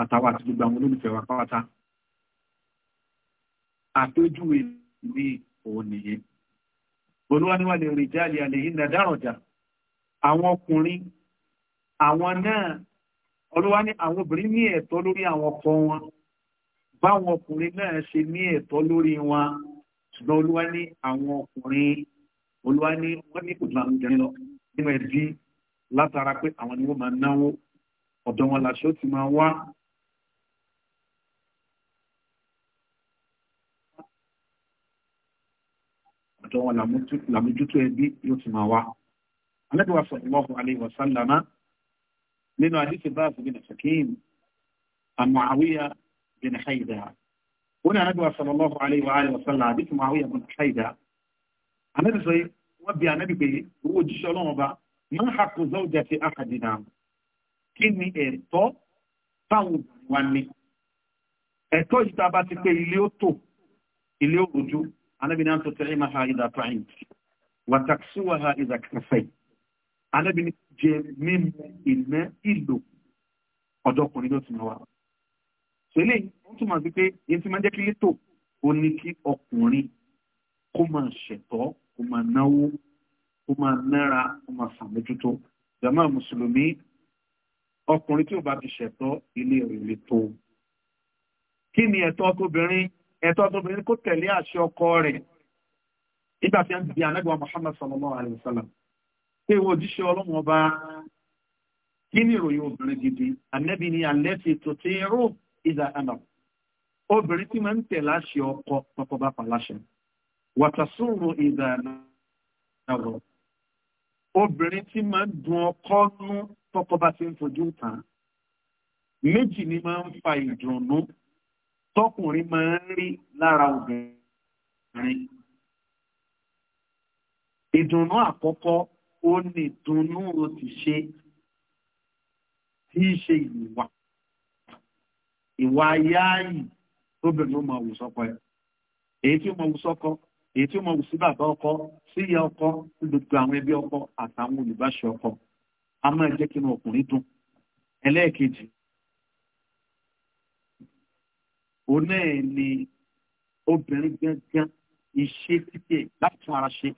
A: àtàwà àti gbogbo àwọn olólùfẹ́ wa pátá olúwaníwá lè jáde àlè yìí àwọn ọkùnrin àwọn olúwa ní àwọn obìnrin ní ẹ̀tọ́ lórí àwọn ọkọ wọn báwọn ọkùnrin náà ṣe ní ẹ̀tọ́ lórí wọn ṣùgbọ́n olúwa ní àwọn ọkùnrin olúwa ní wọ́n ní kùtù àwọn obìnrin lọ nínú ẹbí látara pé àwọn ni wọ́n máa náwó ọ̀dọ̀ wọn làṣọ ti máa wá. ọ̀dọ̀ wọn làmójútó ẹbí yóò ti máa wá. alẹ́ bí wàá sọ̀rọ̀ lọ́kùnrin àlè ìwọ̀sán lànà. لأنه حديث الباس بن حكيم عن معاوية بن حيدة هنا ندوى صلى الله عليه وآله وسلم حديث معاوية بن حيدة انا صلى وبي انا بي شلون با ما حق زوجة أحدنا كني إرتو تاود واني ẹ̀tọ́ yìí tá a bá ti pé ilé ó tò ilé ó rojú anábìnrin àti tẹ̀lé máa ha ìdàtọ̀ àyìn wàtàkì jíjẹ mímu ìná ìlò ọ̀dọ́kùnrin ló ti mọ̀ wá. sẹ́lẹ̀ wọ́n túmọ̀ sí pé èyí tí máa jẹ́ kí létò ó ní kí ọkùnrin kó máa ṣẹ̀tọ́ kó máa náwó kó máa nára kó máa ṣàmójútó jàmá mùsùlùmí ọkùnrin tí ò bá ti ṣẹ̀tọ́ ilé rẹ̀ lè tó. kí ni ẹ̀tọ́ tóbìnrin ẹ̀tọ́ tóbìnrin kó tẹ̀lé àṣẹ ọkọ rẹ̀ nígbà tí a ń di anágbà Muhammad sallallahu alayhi wa sallam pé ìwọ òjíṣẹ́ ọlọ́run ọba kí ni ìròyìn obìnrin gidi ànẹ́bí ni ànẹ́bí tó ti rú ìdá àná obìnrin tí máa ń tẹ̀ láṣẹ ọkọ tọkọ bá pa láṣẹ wàtàsúrò ìdá àná rọ obìnrin tí máa ń dun ọkọ nú tọkọ bá ti ń fojú tàn méjì ni máa ń fa ìdùnnú tọkùnrin máa ń rí lára obìnrin ìdùnnú àkọ́kọ́ ó ní ìdùnnú ó ti ṣe tí í ṣe ìwà ìwà yáàyì tóbìnrin ó máa wù sọ́kọ ẹ̀ èyí tí ó máa wù sọ́kọ èyí tí ó máa wù sí bàbá ọkọ sí ìyá ọkọ sí gbogbo àwọn ẹbí ọkọ àtàwọn olùbáṣe ọkọ a máa jẹ́ kí inú ọkùnrin dùn ẹlẹ́ẹ̀kejì òun náà ni obìnrin gángan iṣẹ́ títẹ̀ láti tún ara ṣe.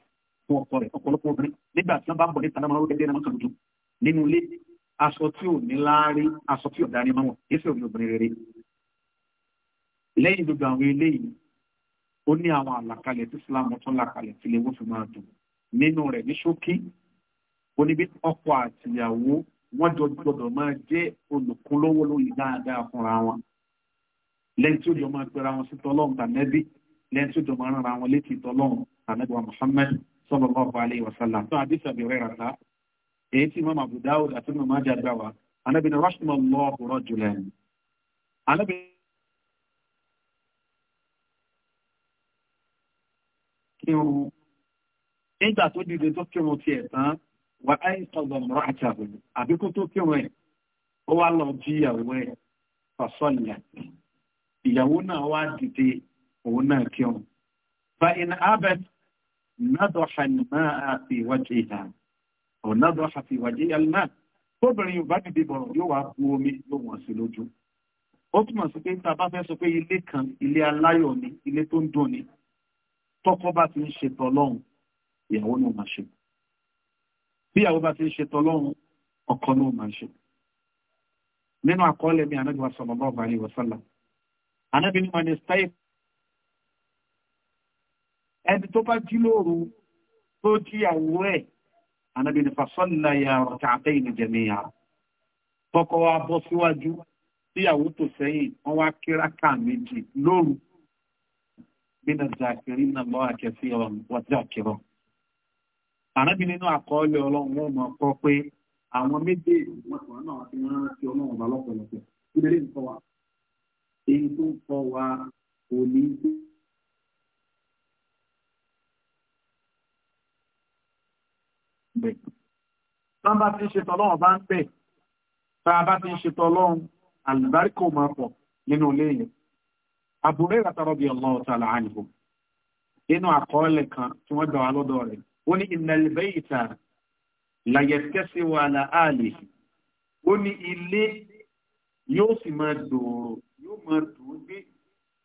A: fún ọkọ rẹ̀ ọ̀pọ̀lọpọ̀ obìnrin nígbà tí wọ́n bá ń bọ̀ níta náà máa ń rẹ́gbẹ́ náà kàlùjù nínú ilé aṣọ tí ò ní láárí aṣọ tí ò dání máa wọ̀ èsì òbí obìnrin rere. lẹ́yìn gbogbo àwọn eléyìí ó ní àwọn àlàkalẹ̀ tí Islam tún làkalẹ̀ tí léwó fi máa dùn nínú rẹ̀ ní ṣókí ó ní bí ọkọ àtìyàwó wọ́n jọ gbọdọ̀ máa jẹ́ olùkúnlówó lẹ́yìn tí ó jọ máa rán ara wọn létí tọ́lọ́run tànẹ́bí wa Muhammad sallallahu alaihi wasallam tó àdìsí àbí rẹ̀ rà èyí tí mọ́mọ́ Abu Dawud àti mọ́mọ́ ajá gbà wá anábìnrin rashomọ́ lọ́ ọ̀rọ̀ jùlẹ̀ anábìnrin kírun nígbà tó dìde tó kírun tiẹ̀ tán wà á ń sọ̀rọ̀ mọ́ àjàbọ̀ àbí kó tó kírun ìyàwó náà wá dìde òun náà kírun. fa in abet nádọ́ṣà ní في وجهها wájú ìhà في وجه fi wájú ìhà náà tóbìnrin yorùbá dìde bọ̀rọ̀ yóò wá bu omi yóò wọ̀n sí lójú ó túmọ̀ sí pé tá a bá fẹ́ sọ pé ilé kan ilé aláyọ̀ ni ilé tó ń dùn ni tọ́kọ bá ti ń ṣètò ọlọ́run ìyàwó náà máa ṣe bí ìyàwó bá ti ń ṣètò ọlọ́run ọkọ náà máa ṣe nínú àkọọ́lẹ̀ mi anábìwá sallallahu alaihi wasallam anábìwá ni stáì ẹni tó bá jí lóru tó jí àwúrẹ́ ànábì ní fasọ́nà ya ọ̀tà àtẹ́yìn jẹ̀míyà tọkọ wa bọ́ síwájú tíyàwó tò sẹ́yìn wọ́n wá kíráka méjì lóru bínú zakiri náà lọ́wọ́ àkẹ́sí ọ̀run wọ́n zakirọ̀ ànábì nínú àkọọ́lẹ̀ ọlọ́run wọn mọ̀ kọ́ pé àwọn méjèèjì wọn kàn náà ti rán sí ọlọ́run ọba lọ́pọ̀lọpọ̀ pè tán bá ti ń ṣe tọ́lọ́run bá ń pè tá a bá ti ń ṣe tọ́lọ́run àlùbáríkò máa pọ̀ nínú ilé yẹn Abu Hurairah radiyallahu ta'ala anhu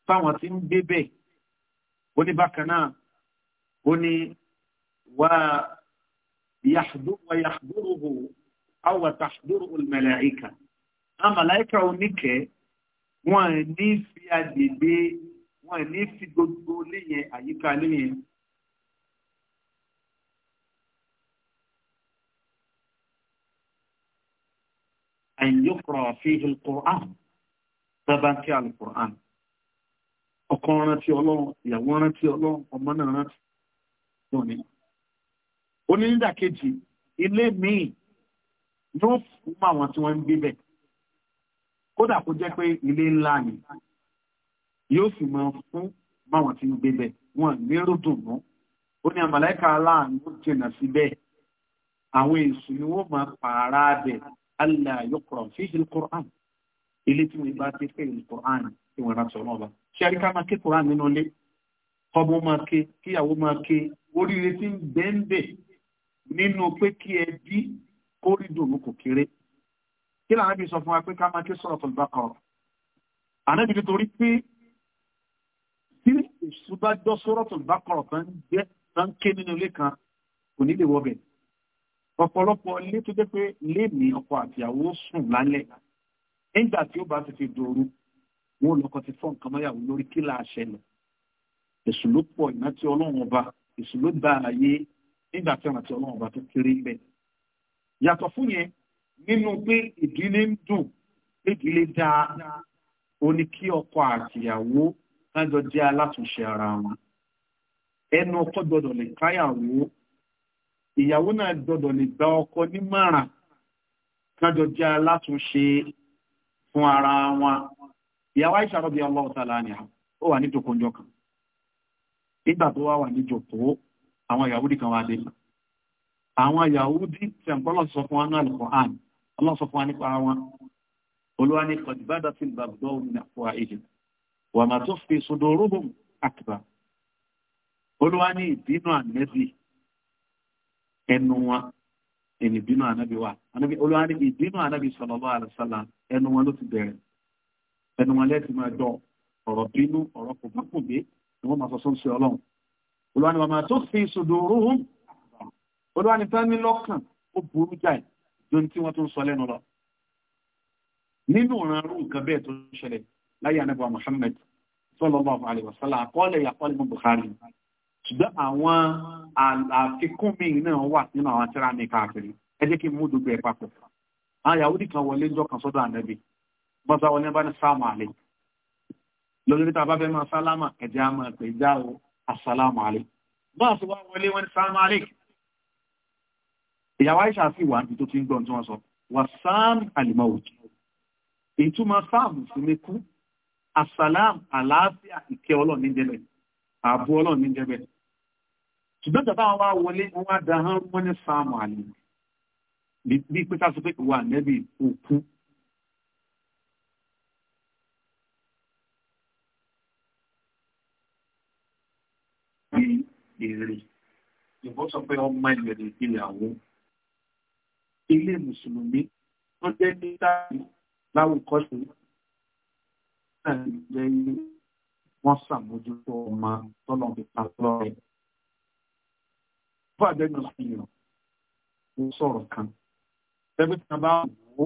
A: fáwọn tí ń gbé bẹ́ẹ̀ ó ní bákan ó ní wàá yàhdúrú wa yàhdúrúhu àwa tàhdúrú màláíkà àwọn màláíkà oníkẹ́ wọ́n ní fi agbègbè wọ́n ní fi gbogbo léyìn àyíká léyìn أن يقرأ فيه القرآن طبعا كي على القرآن ọkọ rántí Ọlọ́run ìyàwó rántí Ọlọ́run ọmọ náà rántí Ọlọ́run onídàkejì ilé míì yóò fún àwọn tí wọ́n ń gbé bẹ̀ kódà kó jẹ́ pé ilé ńlá ni yóò sì máa fún báwọn tí ń gbé bẹ̀ wọ́n lérò dùnú ó ní àmàlẹ́kà aláàánú jìnnà síbẹ̀ àwọn èsù ni wọ́n máa pààrà bẹ̀ alẹ́ àyọkọ̀rọ̀ fíhìl kọ́rán ilé tí wọ́n bá ti fẹ́ ìlú kọ́rán tí wọ́n rántí ọlọ́ọ̀bá ṣẹ́rí ká máa ké kọ́rán nínú ilé kọ́bọ́ máa ké kíyàwó máa ké oríire tí ń bẹ́ẹ̀ bẹ́ẹ̀ nínú pé kí ẹ bí kó rí dùnú kò kéré kí làwọn ibi sọ fún wa pé ká máa ké sọ̀rọ̀ tó bá kọ̀ọ̀ ànábi nítorí pé tí èṣù bá gbọ́ sọ̀rọ̀ tó bá kọ̀ọ̀ tó ń jẹ́ tó ń ké nínú ilé kan kò ní lè wọbẹ̀ ọ̀pọ̀lọpọ̀ ilé tó jẹ́ pé léèmí ọkọ àtìyàwó sùn lálẹ́ nígbà tí ó bá ti fi dòru wọn lọkọ ti fọ́ nǹkan mọ́yàwó lórí kí làá ṣẹlẹ̀ èṣù ló pọ̀ ìná ọlọ́run ọba èṣù ló gba ààyè nígbà tí ọ̀nà tí ọlọ́run bá tó kéré ń bẹ̀. yàtọ̀ fún yẹn nínú pé ìdílé ń dùn pé ìdílé dáa ó ní kí ọkọ àtìyàwó lájọ jẹ́ alátúnṣe ara wọn. ẹnu ọkọ gbọ́dọ̀ lè káyàwó ìyàwó náà gbọ́dọ̀ lè gba ọkọ nímọ̀ràn lájọ jẹ́ alátúnṣe fún ara wọn. ìyàwó Àìṣà radiyallahu ta'ala anha ó wà ní jòkó kan. nígbà tó wá wà ní jòkó àwọn Yahudi kan wá dé àwọn Yahudi tí a ń gbọ́lọ̀ sọ fún wọn Al-Qur'an Allah sọ fún wa nípa wọn olúwa ní kọ̀dìbádà sí ìgbàgbọ́ òmìnira fún àìjì wà má tó fi sódò rúbùn àkìbà olúwa ní ìbínú ànẹ́bí ẹnu wọn ẹni ìbínú ànẹ́bí wa olúwa ní ìbínú ànẹ́bí sallallahu alaihi wasallam ẹnu wọn ló ti bẹ̀rẹ̀ ẹnu wọn lẹ́ẹ̀tì máa dọ̀ ọ̀rọ̀ bínú ọ̀rọ̀ kò bá kò olùwàní wàmà tó fi ìṣòdòrò hùn olùwàní tán ní lọ́kàn ó burú jáì lórí tí wọ́n tó ń sọ lẹ́nu lọ nínú ìrànrú nǹkan bẹ́ẹ̀ tó ṣẹlẹ̀ láyé anábọ̀ Muhammad sallallahu alaihi wasallam àkọọ́lẹ̀ ìyàkọọ́lẹ̀ mọ́ Bukhari ṣùgbọ́n àwọn àfikún mi náà wà nínú àwọn tíra mi káàkiri ẹ jẹ́ kí n mú gbogbo ẹ̀ papọ̀ àwọn assalamu alaikum bá ti wá wọlé wọn ní sáàmù alaikum ìyàwó àìṣà sí wà níbi tó ti ń gbọ́n tí wọ́n sọ wà sáàmù alìmọ̀wòjì ìtumọ̀ sáàmù sí ní kú assalamu àlàáfíà ìkẹ́ ọlọ́run ní jẹ́bẹ̀ ààbò ọlọ́run ní jẹ́bẹ̀ ṣùgbọ́n tàbá wọn wá wọlé èrè ìbọn sọ pé ọmọ ilẹ̀ lè fi àwọn ilé mùsùlùmí tó jẹ́ ní táàbí láwùkọ́ṣe náà jẹ́ wọ́n ṣàmójútó ọmọ tọ́lọ̀ fi pa lọ́rẹ̀. Bá àgbẹ̀gbẹ̀ fihàn, mo sọ̀rọ̀ kan. Ẹgbẹ́ tí a bá wò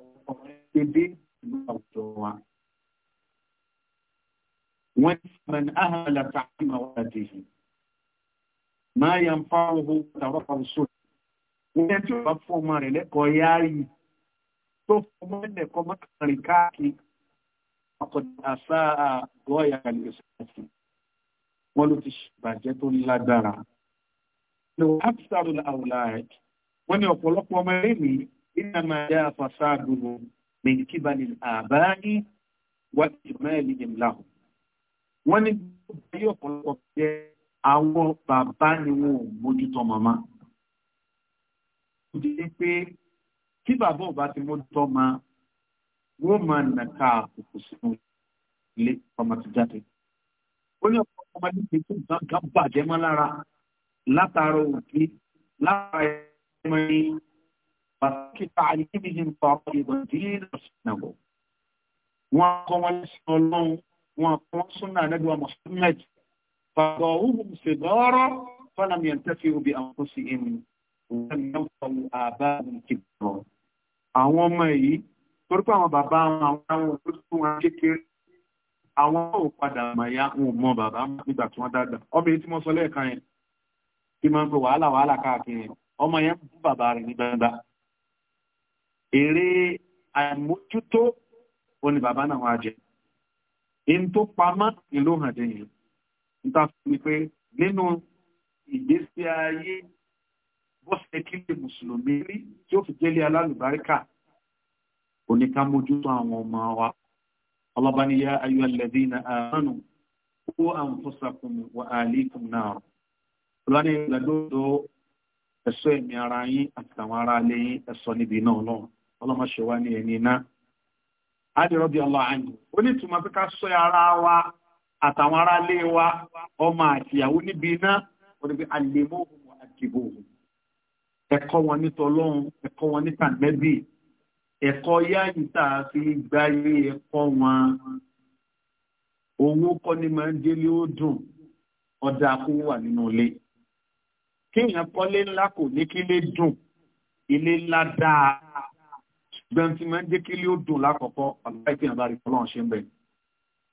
A: ó, ọ̀rẹ́ dédé ìlú àwùjọ wa. Wọ́n ti sọ̀rọ̀ ní àhàlà tàbí àwọn àdéhùn máa yàn fáwọn ọ̀rọ̀ kan sóòlù ilé tí ó bá fún ọmọ rẹ̀ lẹ́kọ̀ọ́ yáàrí tó fún ọmọ lẹ́kọ̀ọ́ mọ́kànlá káàkiri àkọ́dàṣà àgọ́yà àlùsọ̀tì wọn ló ti ṣèbàjẹ́ tó lágbára. lọ́wọ́ absalù àwòlá rẹ̀ wọ́n ní ọ̀pọ̀lọpọ̀ ọmọ eré mi nínú àmà jẹ́ àfàṣà àdúgbò mẹ́kíbalì àbáyé wá ìmọ̀ ẹ̀ lè dèm láhùn. wọ́n ní gbogbo ayé ọ̀pọ̀lọpọ̀ jẹ́ àwọn bàbá ni wọn ò mójútó màmá jẹ́ pé tí bàbá ò bá ti mójútó ma wọ́n máa nàka àkókò sínú ilé ọmọ ti jáde ó ní ọ̀pọ̀ ọmọdé pé tó nǹkan kan bàjẹ́ mọ́ lára látara òbí lára ẹ̀mọ́ ni pàtàkì tààlì níbi ní nípa ọ̀pọ̀ ìgbà tí kọ́ wọn lẹ́sìn ọlọ́run wọn kọ́ wọn súnà nẹ́gbẹ̀wá Muhammad فضاؤوهم صدارا فلم ينتفعوا بأنفسهم ولم ينفعوا آباءهم كبارا àwọn ọmọ yìí torí pé àwọn bàbá àwọn àwọn olóṣèlú wọn kékeré àwọn ò padà mọ̀ya ń mọ bàbá nígbà tí wọ́n dàgbà ọmọbìnrin tí mo sọ lẹ́ẹ̀kan yẹn tí máa ń pe wàhálà wàhálà káàkiri ọmọ yẹn bú bàbá rẹ̀ ní gbangba èrè àìmójútó òní bàbá náà wá jẹ ní tó pamọ́ ìlú hàn dé yẹn níta fún mi pé nínú ìgbésí ayé bó ṣe kí lè mùsùlùmí rí tí ó fi jẹ́lé alálùbáríkà kò ní ká mójútó àwọn ọmọ wa ọlọ́ba ní yá ayọ́ ẹlẹ́dí na àánú kó àǹfọ́sàkùn wà áàlìkùn náà ọlọ́ni ìgbàdódó ẹ̀ṣọ́ ẹ̀mí ara yín àti àwọn ará alẹ́ yín ẹ̀ṣọ́ níbi náà náà ọlọ́mọ ṣe wá ní ẹni iná. adìrọ́bí ọlọ́ àyìn onítùmọ̀ pé ká ṣọ́ ara wa àtàwọn ará lé wa ọmọ àtìyàwó níbi iná wọ́n ní pé àlèmọ́ òun àdìbò òun ẹ̀kọ́ wọn nítorí ọlọ́run ẹ̀kọ́ wọn níta nẹ́bì ẹ̀kọ́ yáàyè tá a fi gbáyé ẹ̀kọ́ wọn owó kọ́ ni máa ń délé ó dùn ọ̀dà kó wà nínú ilé kéèyàn kọ́lé ńlá kò ní kí lè dùn ilé ńlá dáa ṣùgbọ́n máa ń dé kí lè ó dùn lákọ̀ọ́kọ́ ọ̀láìpẹ́ àbárí fọlọ́run ṣe ń bẹ̀.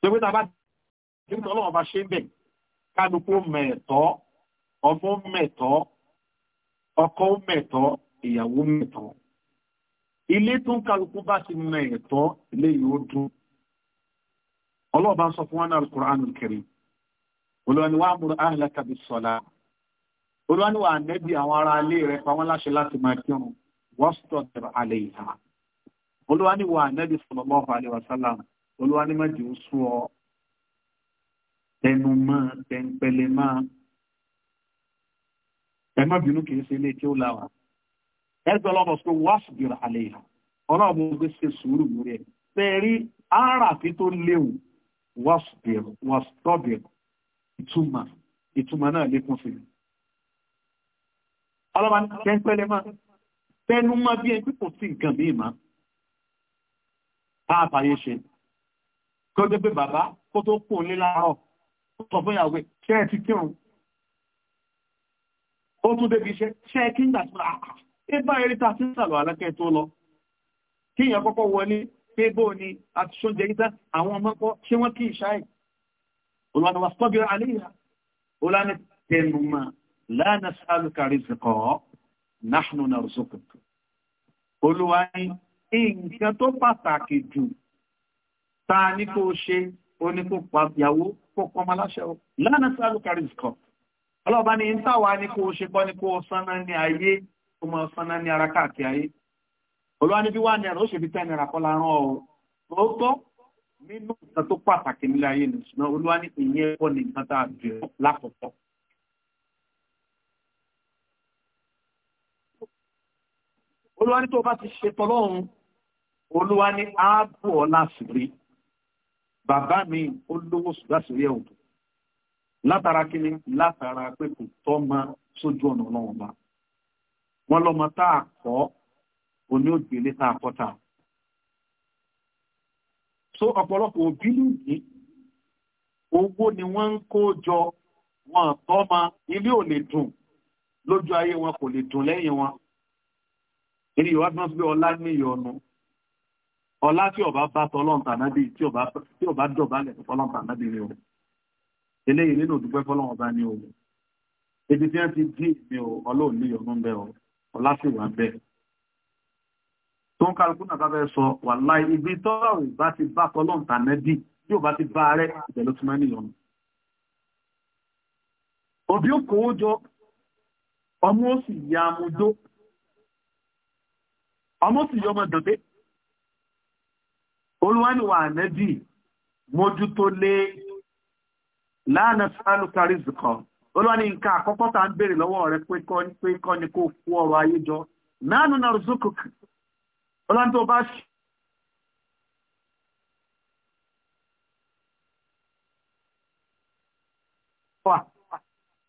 A: pé pé tá a bá nígbà ọlọ́wọ́ bá ṣe ń bẹ̀ kálukú mẹ̀tọ́ ọmọ mẹ̀tọ́ ọkọ mẹ̀tọ́ ìyàwó mẹ̀tọ́ ilé tó ń kálukú bá ti mẹ̀tọ́ ilé yóò dún ọlọ́wọ́ bá ń sọ fún wa náà Al-Qur'an al-Karim olùwàní wa amúra ahlaka bis-salah olùwàní wa ànẹ́bí àwọn ará ilé rẹ̀ pa wọ́n láṣẹ láti máa kírun wastabir alayha olùwàní wa ànẹ́bí sallallahu alaihi wasallam olùwàní má jẹ́ ó tẹnu mọ́ tẹnpẹlẹ mọ́ ẹ má bínú kìí ṣe ilé tí ó láwà ẹ gbọ́ lọ́bọ̀ sọ wáṣù bìrà àlẹ́ yìí ọlọ́run gbé ṣe sùúrù lórí ẹ̀ tẹ̀rí aráàfin tó léwu wáṣù bìrù wáṣù tọ́bìrù ìtumọ̀ ìtumọ̀ náà lékún sí i ọlọ́ba tẹ́ńpẹ́lẹ́ máa tẹnu máa bí ẹni kò sí nǹkan míì máa bá àbáyé ṣe kó jẹ́ pé bàbá kó kún un lé láàárọ̀ sọ fún ìyàwó pé ṣé ẹ ti kírun ó tún débi iṣẹ́ ṣé ẹ kí ń gbà tó àkà ẹ bá eré ta sí sàlọ̀ alákẹ́ tó lọ kí èèyàn kọ́kọ́ wọlé pé bó ni àti ṣóúnjẹ yíta àwọn ọmọ kọ́ ṣé wọ́n kí ìṣáì olùwànà ta ní kó ṣe oníkópa ìyàwó kó pọn ọmọ aláṣẹ o lánàá sí alukari kan ọlọ́ọ̀bá ní ìtawà ní kó o ṣe gbọ́ ní kó o sanná ní ayé kó o sanná ní ara káàkiri ayé olúwa ní bí wà ní ẹ̀rọ ó ṣe fi tẹ́ ẹ̀nìyàn kọ́ la rán ọ ó tọ́ nínú nǹkan tó pàtàkì nílé ayé ni ṣùgbọ́n olúwa ní ìyẹn ẹ̀kọ́ ní nǹkan tá a jẹ lákòókò. olúwa ní tó bá ti ṣe tọ́lọ́run olúwa ní áàbò ọ̀la ṣùgbọ́n bàbá mi ó lówó sùgbàsórí ẹ̀ òdò látara kíni látara pé kò tọ́ ma sójú ọ̀nà ọlọ́run ba wọ́n lọ́mọ tá a kọ́ oní ògbélé tá a kọ́ ta. so ọ̀pọ̀lọpọ̀ òbí lùdí owó ni wọ́n ń kó jọ wọn tọ́ ma ilé ò lè dùn lójú ayé wọn kò lè dùn lẹ́yìn wọn. èyí wá bí fi ọlá ní ìyọnu ọlá tí ọba bá tọlọ́ǹtà nábì tí ọba dọ̀bálẹ̀ tọlọ́ǹtà nábì ni o eléyìí nínú òdúpẹ́ fọlọ́wọ́n bá ní o ibi tí wọ́n ti dí èmi o ọlọ́run ní ìyọnu ń bẹ o ọlá sì wà bẹ́ẹ̀ tó ń kálukú náà bábẹ́ sọ wàláì ibi tọ́lá ò bá ti bá tọlọ́ǹtà nábì tí ọba ti bá rẹ ìbẹ̀ ló ti máa ní ìyọnu òbí òkòwò jọ ọmọ ó sì yá amúdó ọmọ ó sì yọ ọmọ olúwaniwà ànẹ́bì mójútó lé lánà sálù kárí zùkọ́ olúwani nǹkan àkọ́kọ́ tá ń béèrè lọ́wọ́ rẹ pé kọ́ ni kó kú ọrọ̀ ayé nánú na rùzúkùkù olúwani tó bá ṣe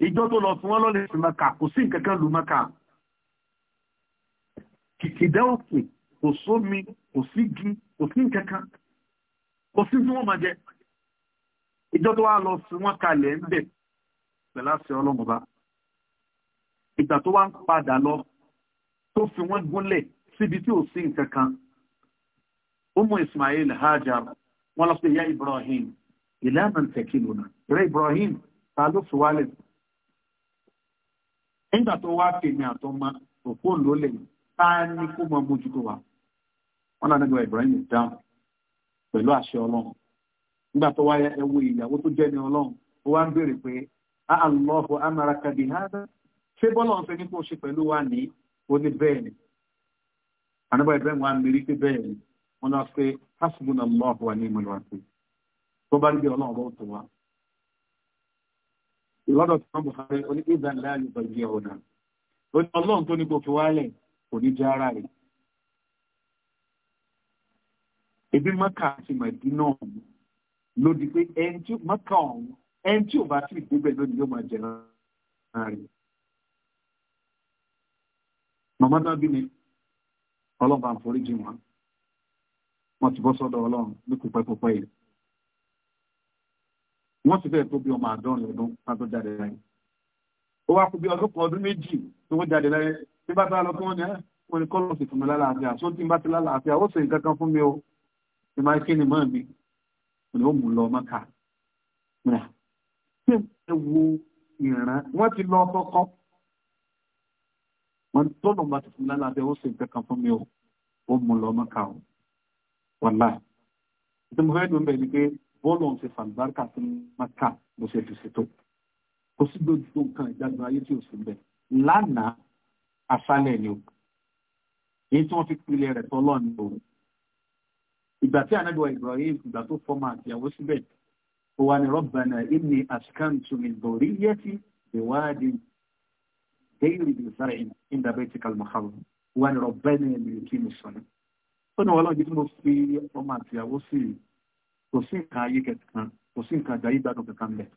A: ìjọ tó lọ fún wọn kò sí nǹkan kan lù òkè kò sómi kò sí gi kò sí kò sí tí wọ́n máa jẹ ìjọ tó wá lọ sí wọn ń ìgbà tó wá ń padà lọ tó fi síbi tí ò sí Ismail Hajar wọn lọ sí ìyá Ibrahim ìlànà tẹkìlùnà ìrẹ Ibrahim ta ló fi wálẹ̀ nígbà tó wá àtọmọ wọn náà nígbà Ibrahim dáhùn pẹ̀lú àṣẹ Ọlọ́run nígbà tó wáyé ẹwọ ìyàwó tó jẹ́ ní Ọlọ́run ó wá ń béèrè pé Allahu amaraka bi ṣé bọ́lá ọ̀fẹ́ ní kó pẹ̀lú wa Ibrahim wa mérí pé bẹ́ẹ̀ ni wọn náà wa tó bá Ọlọ́run tó ìlọ́dọ̀ bọ̀ ebi mọ́kà àti màdínà ọ̀hún ló di pé ẹni tí mọ́kà ọ̀hún ẹni tí ò bá sì débẹ̀ lónìí yóò máa jẹun ààrẹ. màmá dábì ni ọlọ́run bá ń foríjì wọn wọ́n ti bọ́ sọ́dọ̀ ọlọ́run ní kúpẹ́kúpẹ́ yìí wọ́n ti fẹ́ẹ̀ tó bí ọmọ àádọ́rin ọdún ká tó jáde láyé ó wá kú bí ọdún kan ọdún méjì tó wọ́n jáde láyé bí bá tá a lọ kí wọ́n ní wọ́n ní kọ́ fún mi lálàáfíà sóńtì bá ti lálàáfíà ó sì ń kankan fún mi o tí máa ni mọ́ mi ni ó mú lọ mọ́ka rẹ̀ tí ẹ wo ìran wọ́n ti lọ kọ́kọ́ wọ́n tó lọ́mọ ti fún lálábẹ́ ó sì ń kankan fún mi ó ó mú lọ mọ́ka o wàlá tí mo fẹ́ dùn bẹ́ẹ̀ ni pé bọ́ọ̀lù ọ̀hún ṣe fàlùbáríkà fún mọ́ka bó ṣe ìgbà tí ànábì wa Ibrahim ìgbà tó fọmọ àtìyàwó síbẹ̀ ó wà ní Rabbana inni askantu min dhurriyyati biwadin ghayri dhi zar'in inda baytikal muharram wà ní Rabbana liyuqimus salah. ó ní wọlọ́n jí tí mo fi ọmọ àtìyàwó sí kò sí nǹkan ayé kankan kò sí nǹkan àdáyé gbádùn kankan bẹ̀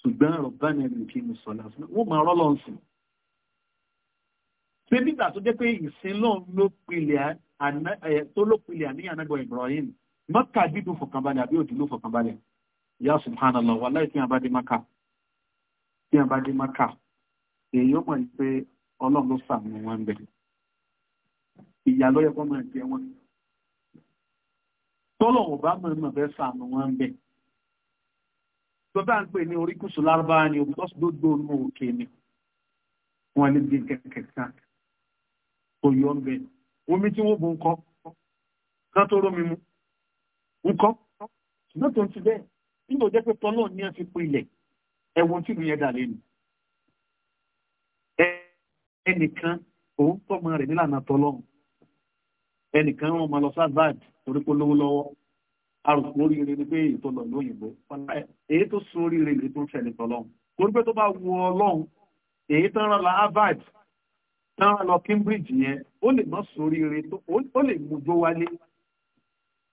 A: ṣùgbọ́n Rabbana liyuqimus salah wọ́n máa rọ́ lọ́n ṣé nígbà tó jẹ́ pé ìsìn ló pilẹ̀ tó lópinlẹ̀ àníyàn nẹ́gbọ̀ Ibrahim mọ́kà dídùn fọkànbalẹ̀ àbí òdìlú fọkànbalẹ̀ ya subhanallah wallahi tí a bá dé maka tí a bá dé maka èyí ó mọ̀ ní pé ọlọ́run ló sàmù wọn bẹ̀ ìyá ló yẹ kó mọ̀ jẹ wọn tọ́lọ̀ ò bá mọ̀ mọ̀ bẹ́ẹ̀ sàmù wọn bẹ̀ tó bá ń pè ní oríkùsù lárúbá ni òbítọ́sí gbogbo inú òkè ni wọ́n lè gbé kẹ̀kẹ́ kan tó yọ ń bẹ̀rẹ̀ omi tí wọ́n bu ńkọ́ kan tó rómi mu ńkọ́ ṣùgbọ́n tó ń ti bẹ́ẹ̀ nígbà jẹ́ pé tọ́lọ́ ní ẹ fi pe ilẹ̀ ẹ̀wọ̀n tí ìlú yẹn dà lẹ́nu ẹnìkan òun tọ́mọ rẹ̀ nílànà tọ́lọ́run ẹnìkan wọn máa lọ sábàd torí pé lówó lọ́wọ́ arùkù oríire ni pé èyí tó lọ lóyìnbó èyí tó sun oríire èyí tó ń ṣẹlẹ̀ tọ́lọ́run torí pé tó bá wù Ọlọ́run èyí tó ń rán la harvard náà lọ Cambridge yẹn ó lè mọ sórí ire tó ó lè mójó wálé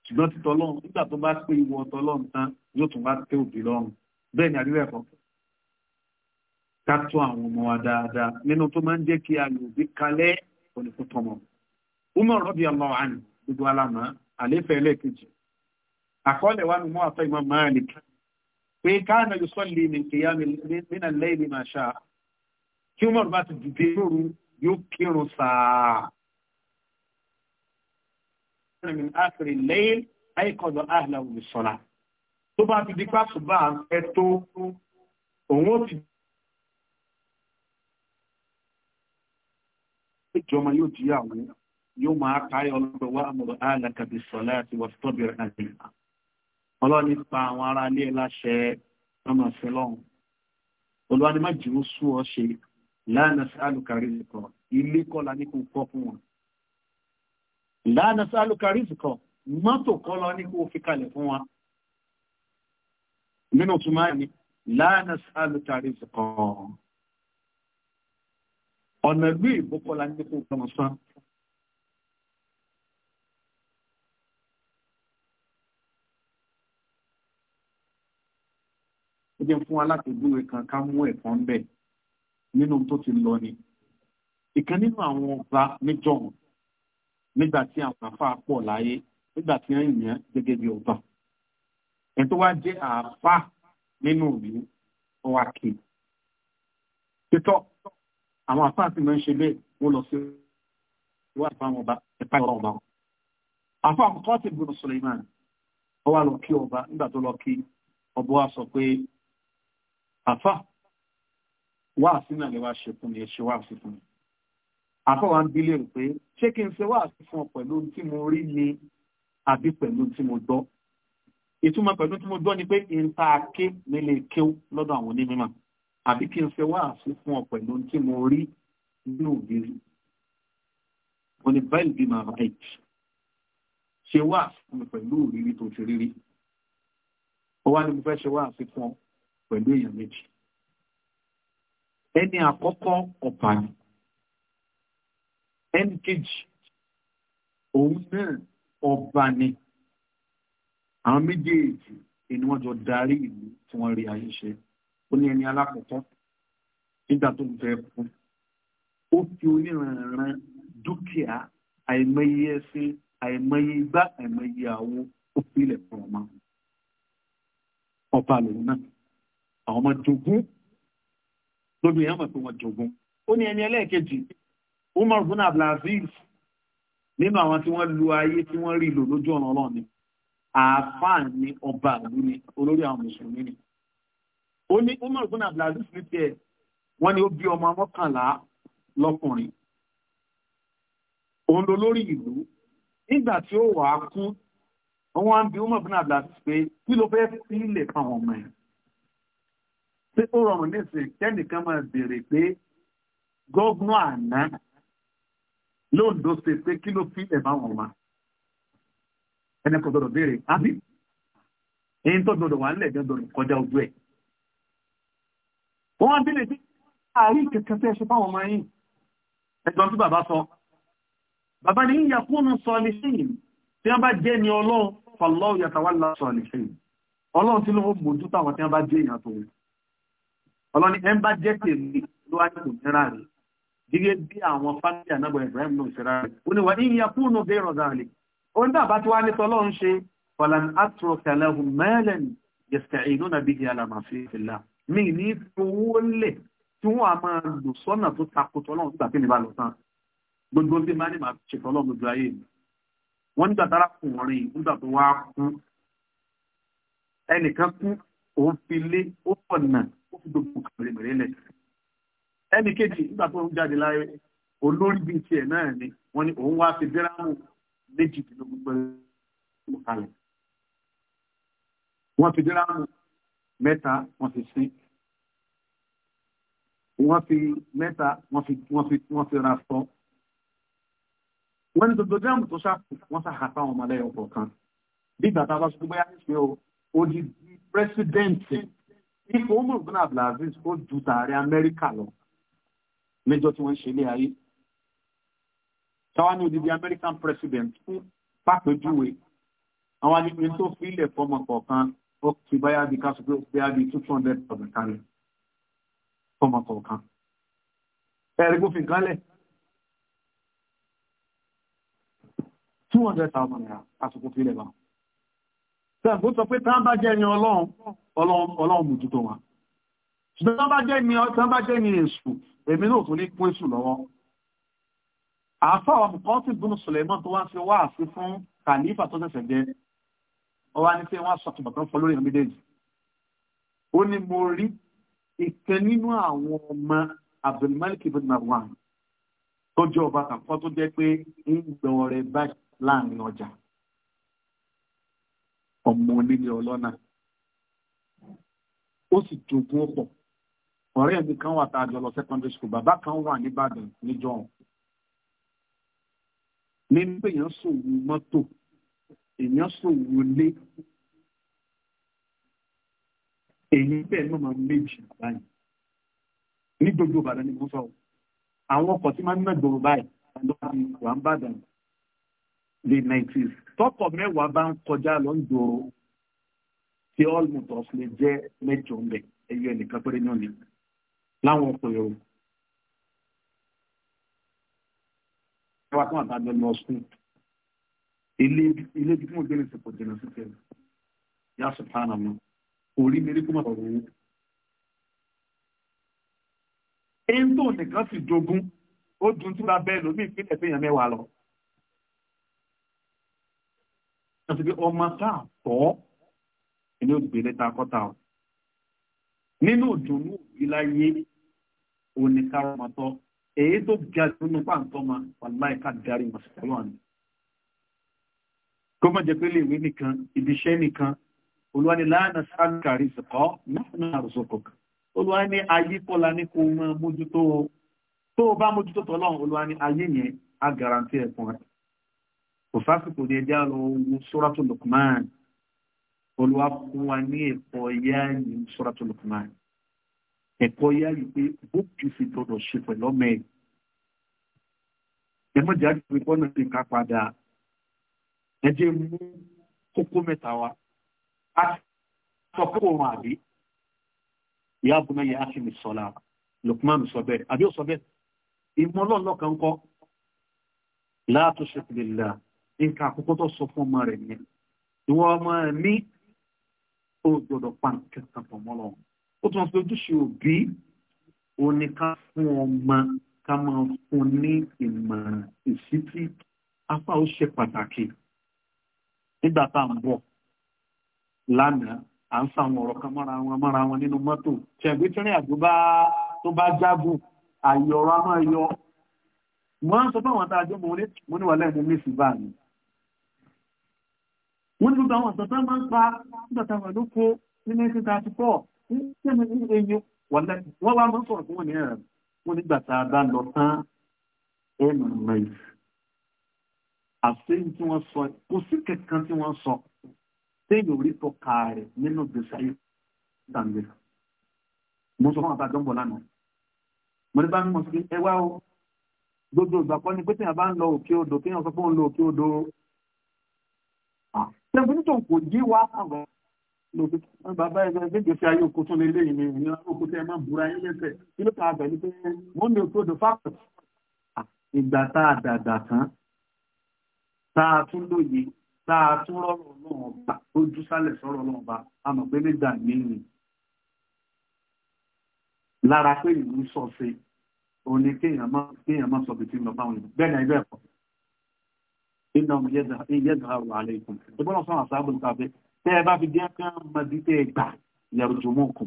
A: ṣùgbọ́n ti tọ́lọ́run nígbà tó bá pé ìwọ tọ́lọ́run tán yóò tún bá tẹ òbí lọ́rùn bẹ́ẹ̀ ni àríwá ẹ̀kọ́ ká tó àwọn ọmọ wa dáadáa nínú tó máa ń jẹ́ kí ayò bí kalẹ̀ oníkó tọmọ Umar radiyallahu anhu gbogbo alamọ àléfẹ́ ẹlẹ́ẹ̀kejì àkọọ́lẹ̀ wa ni mo àtọ́ Imam Malik pé káàna yusalli min qiyam min al-layli ma sha'a kí Umar bá ti dìde lóru yóò kírun sáà. min akhiri layl ayqadha ahlahu bis-salah tó bá ti di pàṣùbà ẹ tó òun ó ti ìjọmọ yóò jí àwọn yóò máa káyọ ọlọ́pẹ̀ wá àmọ̀rọ̀ alákàbí sọ̀lá àti wọ́stọ́bìrì àdìyà ọlọ́ni pa àwọn ará ilé láṣẹ ọmọ ìfẹ́lọ́hùn olùwánímájì ó sú ọ ṣe lánàá sálùkàrí nìkan ilé kọ́ la ní kó kọ́ fún wọn lánàá sálùkàrí mọ́tò kọ́ la ní kó fi kalẹ̀ fún wọn nínú túmọ̀ ní lánàá sálùkàrí nìkan ọ̀nà ìlú ìbò kọ́ la ní kó gbọmọ sán. ó jẹ́ fún alákòóbúwe kan ká mú ẹ̀fọn bẹ́ẹ̀ nínú tó ti lọ ni ìkan nínú àwọn ọba níjọ̀hún nígbà tí àwọn àfáà pọ̀ láyé nígbà tí wọ́n yàn gẹ́gẹ́ bí ọba ẹni tó wá jẹ́ àáfà nínú òbí wá kí títọ́ àwọn àfáà sì máa ń ṣe bẹ́ẹ̀ wọ́n lọ sí ìwà àfáwọn ọba ẹ̀ka ìwà ọba àfáà kọ́ ti gbọ́dọ̀ Suleiman ó wá kí ọba nígbà tó lọ kí ọba wa sọ pé àfáà wáàsí náà lè wá ṣe fún mi ẹ ṣe wáàsí fún mi àfọwà ń bilé rò pé ṣé kí n ṣe wáàsí fún ọ pẹ̀lú tí mo rí ni àbí pẹ̀lú tí mo gbọ́ ìtumọ̀ pẹ̀lú tí mo gbọ́ ni pé ìta ké mi lè kéw lọ́dọ̀ àwọn onímọ̀ àbí kí n ṣe wáàsí fún ọ pẹ̀lú tí mo rí ní òbírí mo ní bẹ́ẹ̀ bí màá right ṣe wáàsí fún mi pẹ̀lú òrírí tó ti rírí ó wá ní mo fẹ́ ṣe wáàsí fún ọ pẹ̀lú èèyàn méjì ẹni àkọ́kọ́ ọ̀pá ni ẹni kejì òun náà ọba ni àwọn méjèèjì ni wọ́n jọ darí ìlú tí wọ́n rí ayé ṣe ó ní ẹni alákọ̀ọ́kọ́ nígbà tó ń fẹ́ kú ó fi oníranran dúkìá àìmọye ẹṣin àìmọye igbá àìmọye àwo ó fi ilẹ̀ fún ọmọ ọba lòun náà àwọn ọmọ jogún lójú èèyàn mọ̀ pé wọ́n jogun ó ní ẹni ẹlẹ́ẹ̀kejì umar bin abdulaziz nínú àwọn tí wọ́n lu ayé tí wọ́n rí lò lójú ọ̀nà ọlọ́ọ̀ni àáfàá ni ọba ìlú ni olórí àwọn mùsùlùmí ni ó ní umar bin abdulaziz ní tiẹ̀ wọ́n ní ó bí ọmọ mọ́kànlá lọ́kùnrin òun ló lórí ìlú nígbà tí ó wàá kú wọ́n wá ń bi umar bin abdulaziz pé kí ló fẹ́ sílẹ̀ fáwọn ọmọ yẹn pé ó rọrùn nísìnyí kẹ́nìkan máa béèrè pé gọ́vnà àná lóńdó ṣe pé kí ló fi ẹ̀bá wọn wá ẹni kò gbọdọ̀ béèrè ábí èyí tó gbọdọ̀ wà nílẹ̀ gbọdọ̀ kọjá ojú ẹ̀ wọ́n bí lè fi àárín kẹ̀kẹ́ tẹ́ ṣe fáwọn ọmọ yìí ẹ̀gbọ́n tí bàbá sọ bàbá ní ìyà fún un sọ ní ṣìyìn tí wọ́n bá jẹ́ ni ọlọ́run fọlọ́ sọ ní ṣìyìn ọlọ́run tí ló mójú táwọn tí wọ́n bá jẹ́ èèyàn ọlọ́ni ẹ̀ ń bá jẹ́ tèmi ló wá nínú ìnira rẹ̀ gẹ́gẹ́ bí àwọn fámìlì ànábọ̀ Ibrahim ló ń ṣera rẹ̀ ó ní wà ní ìyá fún un bẹ́ẹ̀ rọ̀dà rẹ̀ ó ní bàbá tí wàá ní sọ lọ́run ṣe falan atro kalahum mẹ́lẹ̀n yẹ̀sẹ̀ inú nàbí di alàmàfíìlà mi ní owó lẹ̀ tí wọ́n á máa lò sọ́nà tó takotọ́ lọ́run nígbà tí mi lọ tán gbogbo bí má ní màá ṣètò ọlọ́run lójú ayé mi wọ́n nígbà tára kùnrin nígbà tó wá kú ẹnìkan kú òun fi lé ó pọ̀ náà ó fi gbogbo kèrèmèrè lẹ̀. ẹnì kejì nígbà tó ń jáde láyé olórí bíi tiẹ̀ náà ni wọ́n ní òun wá fi dírámù méjìdínlógún pẹ̀lú kalẹ̀. wọ́n fi dírámù mẹ́ta wọ́n fi sí wọ́n fi mẹ́ta wọ́n fi wọ́n fi wọ́n fi ra sọ. wọ́n ní gbogbo dírámù tó ṣàkó wọ́n ṣàkàtà àwọn ọmọlẹ́yìn ọ̀kọ̀ọ̀kan bí bàtà bá ṣubú bóyá ní ìṣe o odi pírẹsidẹ́ǹtì ipò Umar bin Abdulaziz ó ju tààrẹ Amẹ́ríkà lọ níjọ́ tí wọ́n ń ṣe ilé ayé táwọn ní odidi American president fún pàpéjúwe àwọn alìpín tó fi ilẹ̀ fọmọ kọ̀ọ̀kan ó ti báyà di ká sọ pé ó báyà di two hundred thousand kalẹ̀ fọmọ kọ̀ọ̀kan ẹ̀rí gbófin kanlẹ̀ two hundred thousand naira àsìkò fi ilẹ̀ báwọn. Sẹ́fún sọ pé tán bá jẹ́ ni ọlọ́run, ọlọ́run mú wa. Ṣùgbọ́n tán bá jẹ́ ni tán bá jẹ́ ni èṣù, èmi náà tún ní kún èṣù lọ́wọ́. Àfọ́ ọmọ kan sì gbónú Sùlẹ̀mọ́ tó wá sí wá àfi fún Kàlífà tó ṣẹ̀ṣẹ̀ jẹ́. Ó wá ní pé wọ́n sọ tùbọ̀ tán fọ lórí ẹ̀mí déjì. Ó ní mo rí ìkan nínú àwọn ọmọ Abdulmalik ibn Marwan tó jẹ́ ọba kan tó jẹ́ pé ń gbọ́ rẹ̀ báyìí láàrin ọjà ọmọ onílé ọlọ́nà ó sì jogún ọ̀pọ̀ ọ̀rẹ́ mi kan wà tá a jọ lọ secondary school bàbá kan wà nìbàdàn níjọ nínú èèyàn ṣòwò mọ́tò èèyàn ṣòwò lé èyí bẹ́ẹ̀ náà máa méjì báyìí ní gbogbo ìbàdàn ni mo sọ àwọn ọkọ̀ tí máa ń ná báyìí lọ́wọ́ ìwà ń bàdàn the nineties tọkọ mẹ́wàá bá ń kọjá lọ ń dòrò tí almost lè jẹ́ mẹ́jọ ń bẹ ẹyọ ẹnìkan péré náà ni láwọn ọkùnrin o. ẹwà tó wà bá lọ sùn ilé ilé tí mo gbé ní sèpò jìnnà sí tẹ́lẹ̀ yá sùpánà mi orí mi rí kó má bàbá owó. èyí tó nìkan sì jogún ó dun tí wàá bẹ́ẹ̀ lómi ìpínlẹ̀ fẹ́yàn mẹ́wàá lọ wọ́n ti pé ọmọ táà tọ́ ẹni ó gbé lẹ́ta kọ́ta o nínú ìdùnnú òbí láyé òní kárọmọtọ èyí tó ga jù nínú pàǹtọ́ ma wàláì ká darí mọ̀sálọ́ àná kó má jẹ́ pé léèwé nìkan ibiṣẹ́ nìkan olúwa ni láàánà sáàkàrí ìsìnkọ́ náà àrùsọ̀kọ̀ olúwa ni ayé kọ́la ní kó mọ mójútó tó o bá mójútó tọ́lọ́run olúwa ayé yẹn á garanti ẹ̀kún rẹ̀ kò sásìkò ní ẹjá lọ wo sóràtò lukman olúwa fún wa ní ẹ̀kọ́ yáàyè sóràtò lukman ẹ̀kọ́ yáàyè pé bókì sì gbọdọ̀ ṣe pẹ̀lú ọmọ ẹ̀ ẹ mọ̀jà pé bọ́nà ti ká padà ẹ jẹ́ mú kókó mẹ́ta wa a sọ pé òun àbí ìyá abúlé yẹn á sì mi sọ̀la lukman sọ bẹ́ẹ̀ àbí ó sọ bẹ́ẹ̀ ìmọ̀ kan kọ́ láàtúnṣe pẹ̀lú nǹkan àkọ́kọ́ tó sọ fún ọmọ rẹ̀ nìyẹn ìwọ ọmọ mi ó gbọdọ̀ pa nǹkan kan pọ̀ mọ́ lọ́wọ́ ó tún fi ojúṣe òbí òní ká fún ọmọ ká máa fún ní ìmọ̀ ìsítí apá ó ṣe pàtàkì nígbà tá à ń bọ̀ lánàá à ń sàwọn ọ̀rọ̀ kan mọ́ra wọn mọ́ra wọn nínú mọ́tò ṣẹ̀gbẹ́ tí rìn àjò bá tó bá jágùn àyè ọ̀rọ̀ máa yọ wọ́n á sọ fún àwọn tá a jọ mọ̀ ní wàhálà ìmú mí sí báà wọ́n ní gbogbo àwọn àtọ̀tọ̀ máa ń pa nígbàtà wà lóko ní 1934 ní sẹ́mi ní eyín wọ̀lẹ́ wọ́n wá máa ń sọ̀rọ̀ fún wọn ní ẹ̀rọ wọn nígbàtà bá lọ tán ẹ̀mọ̀ mẹ́rin àṣeyìn tí wọ́n sọ kò sí kankan tí wọ́n sọ téèyàn orí tó ka rẹ̀ nínú gbèsè ayé gbàǹgbè mo sọ fún àbájọ ń bọ̀ lánàá mo ní bá ń mọ̀ sí ẹ wá o gbogbo ìgbà kan ni pé téèyàn bá ń lọ òkè odò kéèyàn sọ pé òun lọ òkè odò ṣẹ́gun tó kò dí wá àbọ̀ lòdì bàbá ẹgbẹ́ gbèsè ayé oko tún lè léyìn ní ìrìn oko tẹ́ ẹ máa búra yín lẹ́sẹ̀ kí ló ta àbẹ̀ ní pé wọ́n ní oko the fact ìgbà tá a dàgbà tán tá a tún lóye tá a tún rọrùn ọlọ́run ọba lójú sálẹ̀ sọ̀rọ̀ ọlọ́run ọba a mọ̀ pé nígbà míì lára pé ìlú sọ̀fẹ́ òní kéèyàn má sọ̀bìtì lọ fáwọn èèyàn bẹ́ẹ̀ ni ẹgbẹ́ ẹ̀kọ́ iná yẹ́dàrú àlẹ́kùn ìbọn ọ̀sán àṣàbò tàbí tẹ́ ẹ bá fi jẹ́ kán mọ̀dí tẹ́ ẹ gbà yàrá jùmọ̀ kù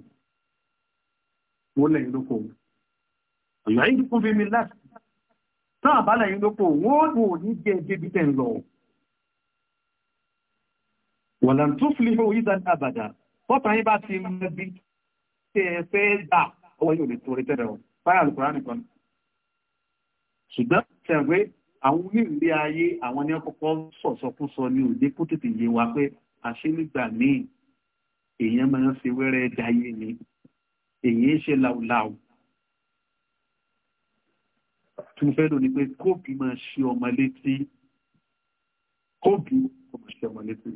A: wọ́n lẹ́yìn lóko ọ̀yọ́ ayé dúkùn fi mi láti tán àbá lẹ́yìn lóko wọ́n ò ní jẹ́ débi tẹ̀ ń lọ. wọ̀lá tó fi hó yíta ní àbàdà bọ́tà yín bá ti mọ̀dí tẹ́ ẹ fẹ́ gbà ọwọ́ yóò lè torí tẹ́lẹ̀ o báyà lùkùrá nìkan ṣùgbọ́n tẹ̀ àwọn onílé ayé àwọn ní ọkọ̀kọ́ sọ̀sọ̀kúsọ ni òde kó tètè yé wa pé àṣé nígbà míì èèyàn máa ń ṣe wẹ́rẹ́ dáyé ni èèyàn ṣe láùláù tí mo fẹ́ lò ní pé kóòbì máa ṣe ọmọ létí kóòbì máa ṣe ọmọ létí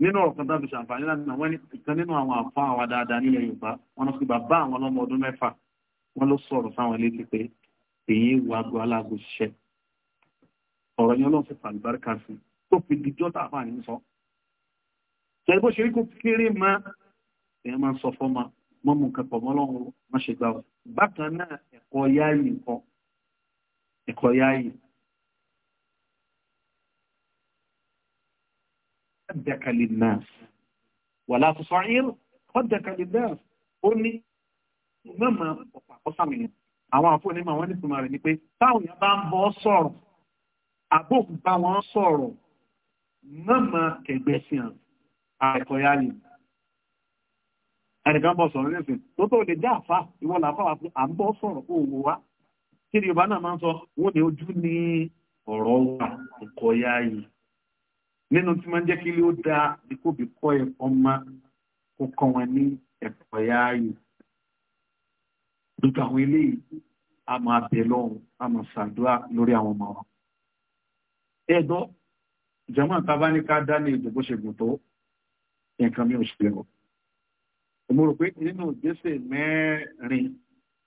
A: nínú ọ̀rọ̀ kan tábí ṣàǹfààní láti náà wọ́n ìkan nínú àwọn àfọ́ àwa dáadáa nílẹ̀ Yorùbá wọn lọ sí bàbá àwọn ọlọ́mọ ọdún mẹ́fà wọ́n ló sọ̀rọ̀ sáwọn létí pé èyí wo aago aláàgò ọ̀rọ̀ yẹn lọ́n sí fàlùbáríkà sí tó fi dijọ́ tá a fà ní sọ. ṣẹ̀rí bó ṣe rí kó kéré máa ẹ̀ máa sọ fọ́ ma mọ́ mú nǹkan pọ̀ mọ́ lọ́rùn má ṣe gbà wọ́n. bákan náà ẹ̀kọ́ yáàyè nǹkan ẹ̀kọ́ yáàyè. kọ́dàkàlì náà wà láti sọ ayé kọ́dàkàlì náà ó ní mẹ́mọ̀ ọ̀pọ̀ àkọ́sàmì àwọn àfọ̀nímọ̀ àwọn onífìmọ̀ rẹ̀ ni pé táwọn yẹn bá ń bọ́ sọ̀rọ̀ àbò ń bá wọn sọ̀rọ̀ mọ́mọ́ kẹgbẹ́ sí ẹnìkan bọ̀ sọ̀rọ̀ nísìn tó tó lè dá àfá ìwọ làfá wa fún à ń bọ́ sọ̀rọ̀ òwò wa kí ni Yorùbá náà máa ń sọ wọ́n ní ojú ní ọ̀rọ̀ wa ìkọ̀yálì nínú tí máa ń jẹ́ kí ilé da dáa ní kò bí kọ́ ẹ̀kọ́ máa kó kọ́ wọn ní ẹ̀kọ́ gbogbo àwọn eléyìí a máa bẹ̀ lọ́hùn a máa ṣàdúrà lórí àwọn ọmọ wa ẹgbọ́ jẹmọ́ àtàbá ní ká dá ní ìdìbò ṣègùn tó nǹkan mi ò ṣe lọ mo rò pé nínú ìgbésẹ̀ mẹ́rin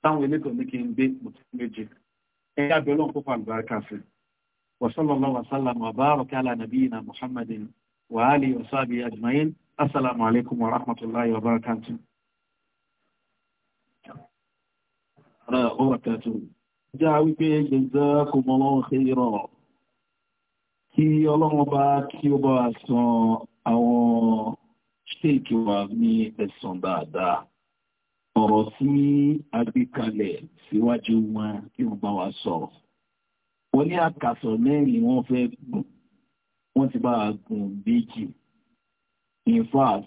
A: táwọn elétò ní kí n gbé mọ̀tún méje ẹ̀yà bẹ́ẹ̀ lọ́n kó fa àlùbáríkà sí wasallallahu wasallam wa baraka ala nabiyina muhammadin wa alihi wa ajma'in assalamu alaikum wa rahmatullahi wa barakatuh ọ̀rọ̀ ọ̀rọ̀ kẹtù jẹ́ wípé jazakumullahu khairan kí ọlọ́run bá kí ó bá san àwọn ṣéèkì wa ní ẹ̀san dáadáa ọ̀rọ̀ sí agbékalẹ̀ síwájú wọn kí wọ́n bá wa sọ̀rọ̀ wọ́n ní àkàsọ̀ mẹ́rin wọ́n fẹ́ gùn wọ́n ti bá gùn méjì in fact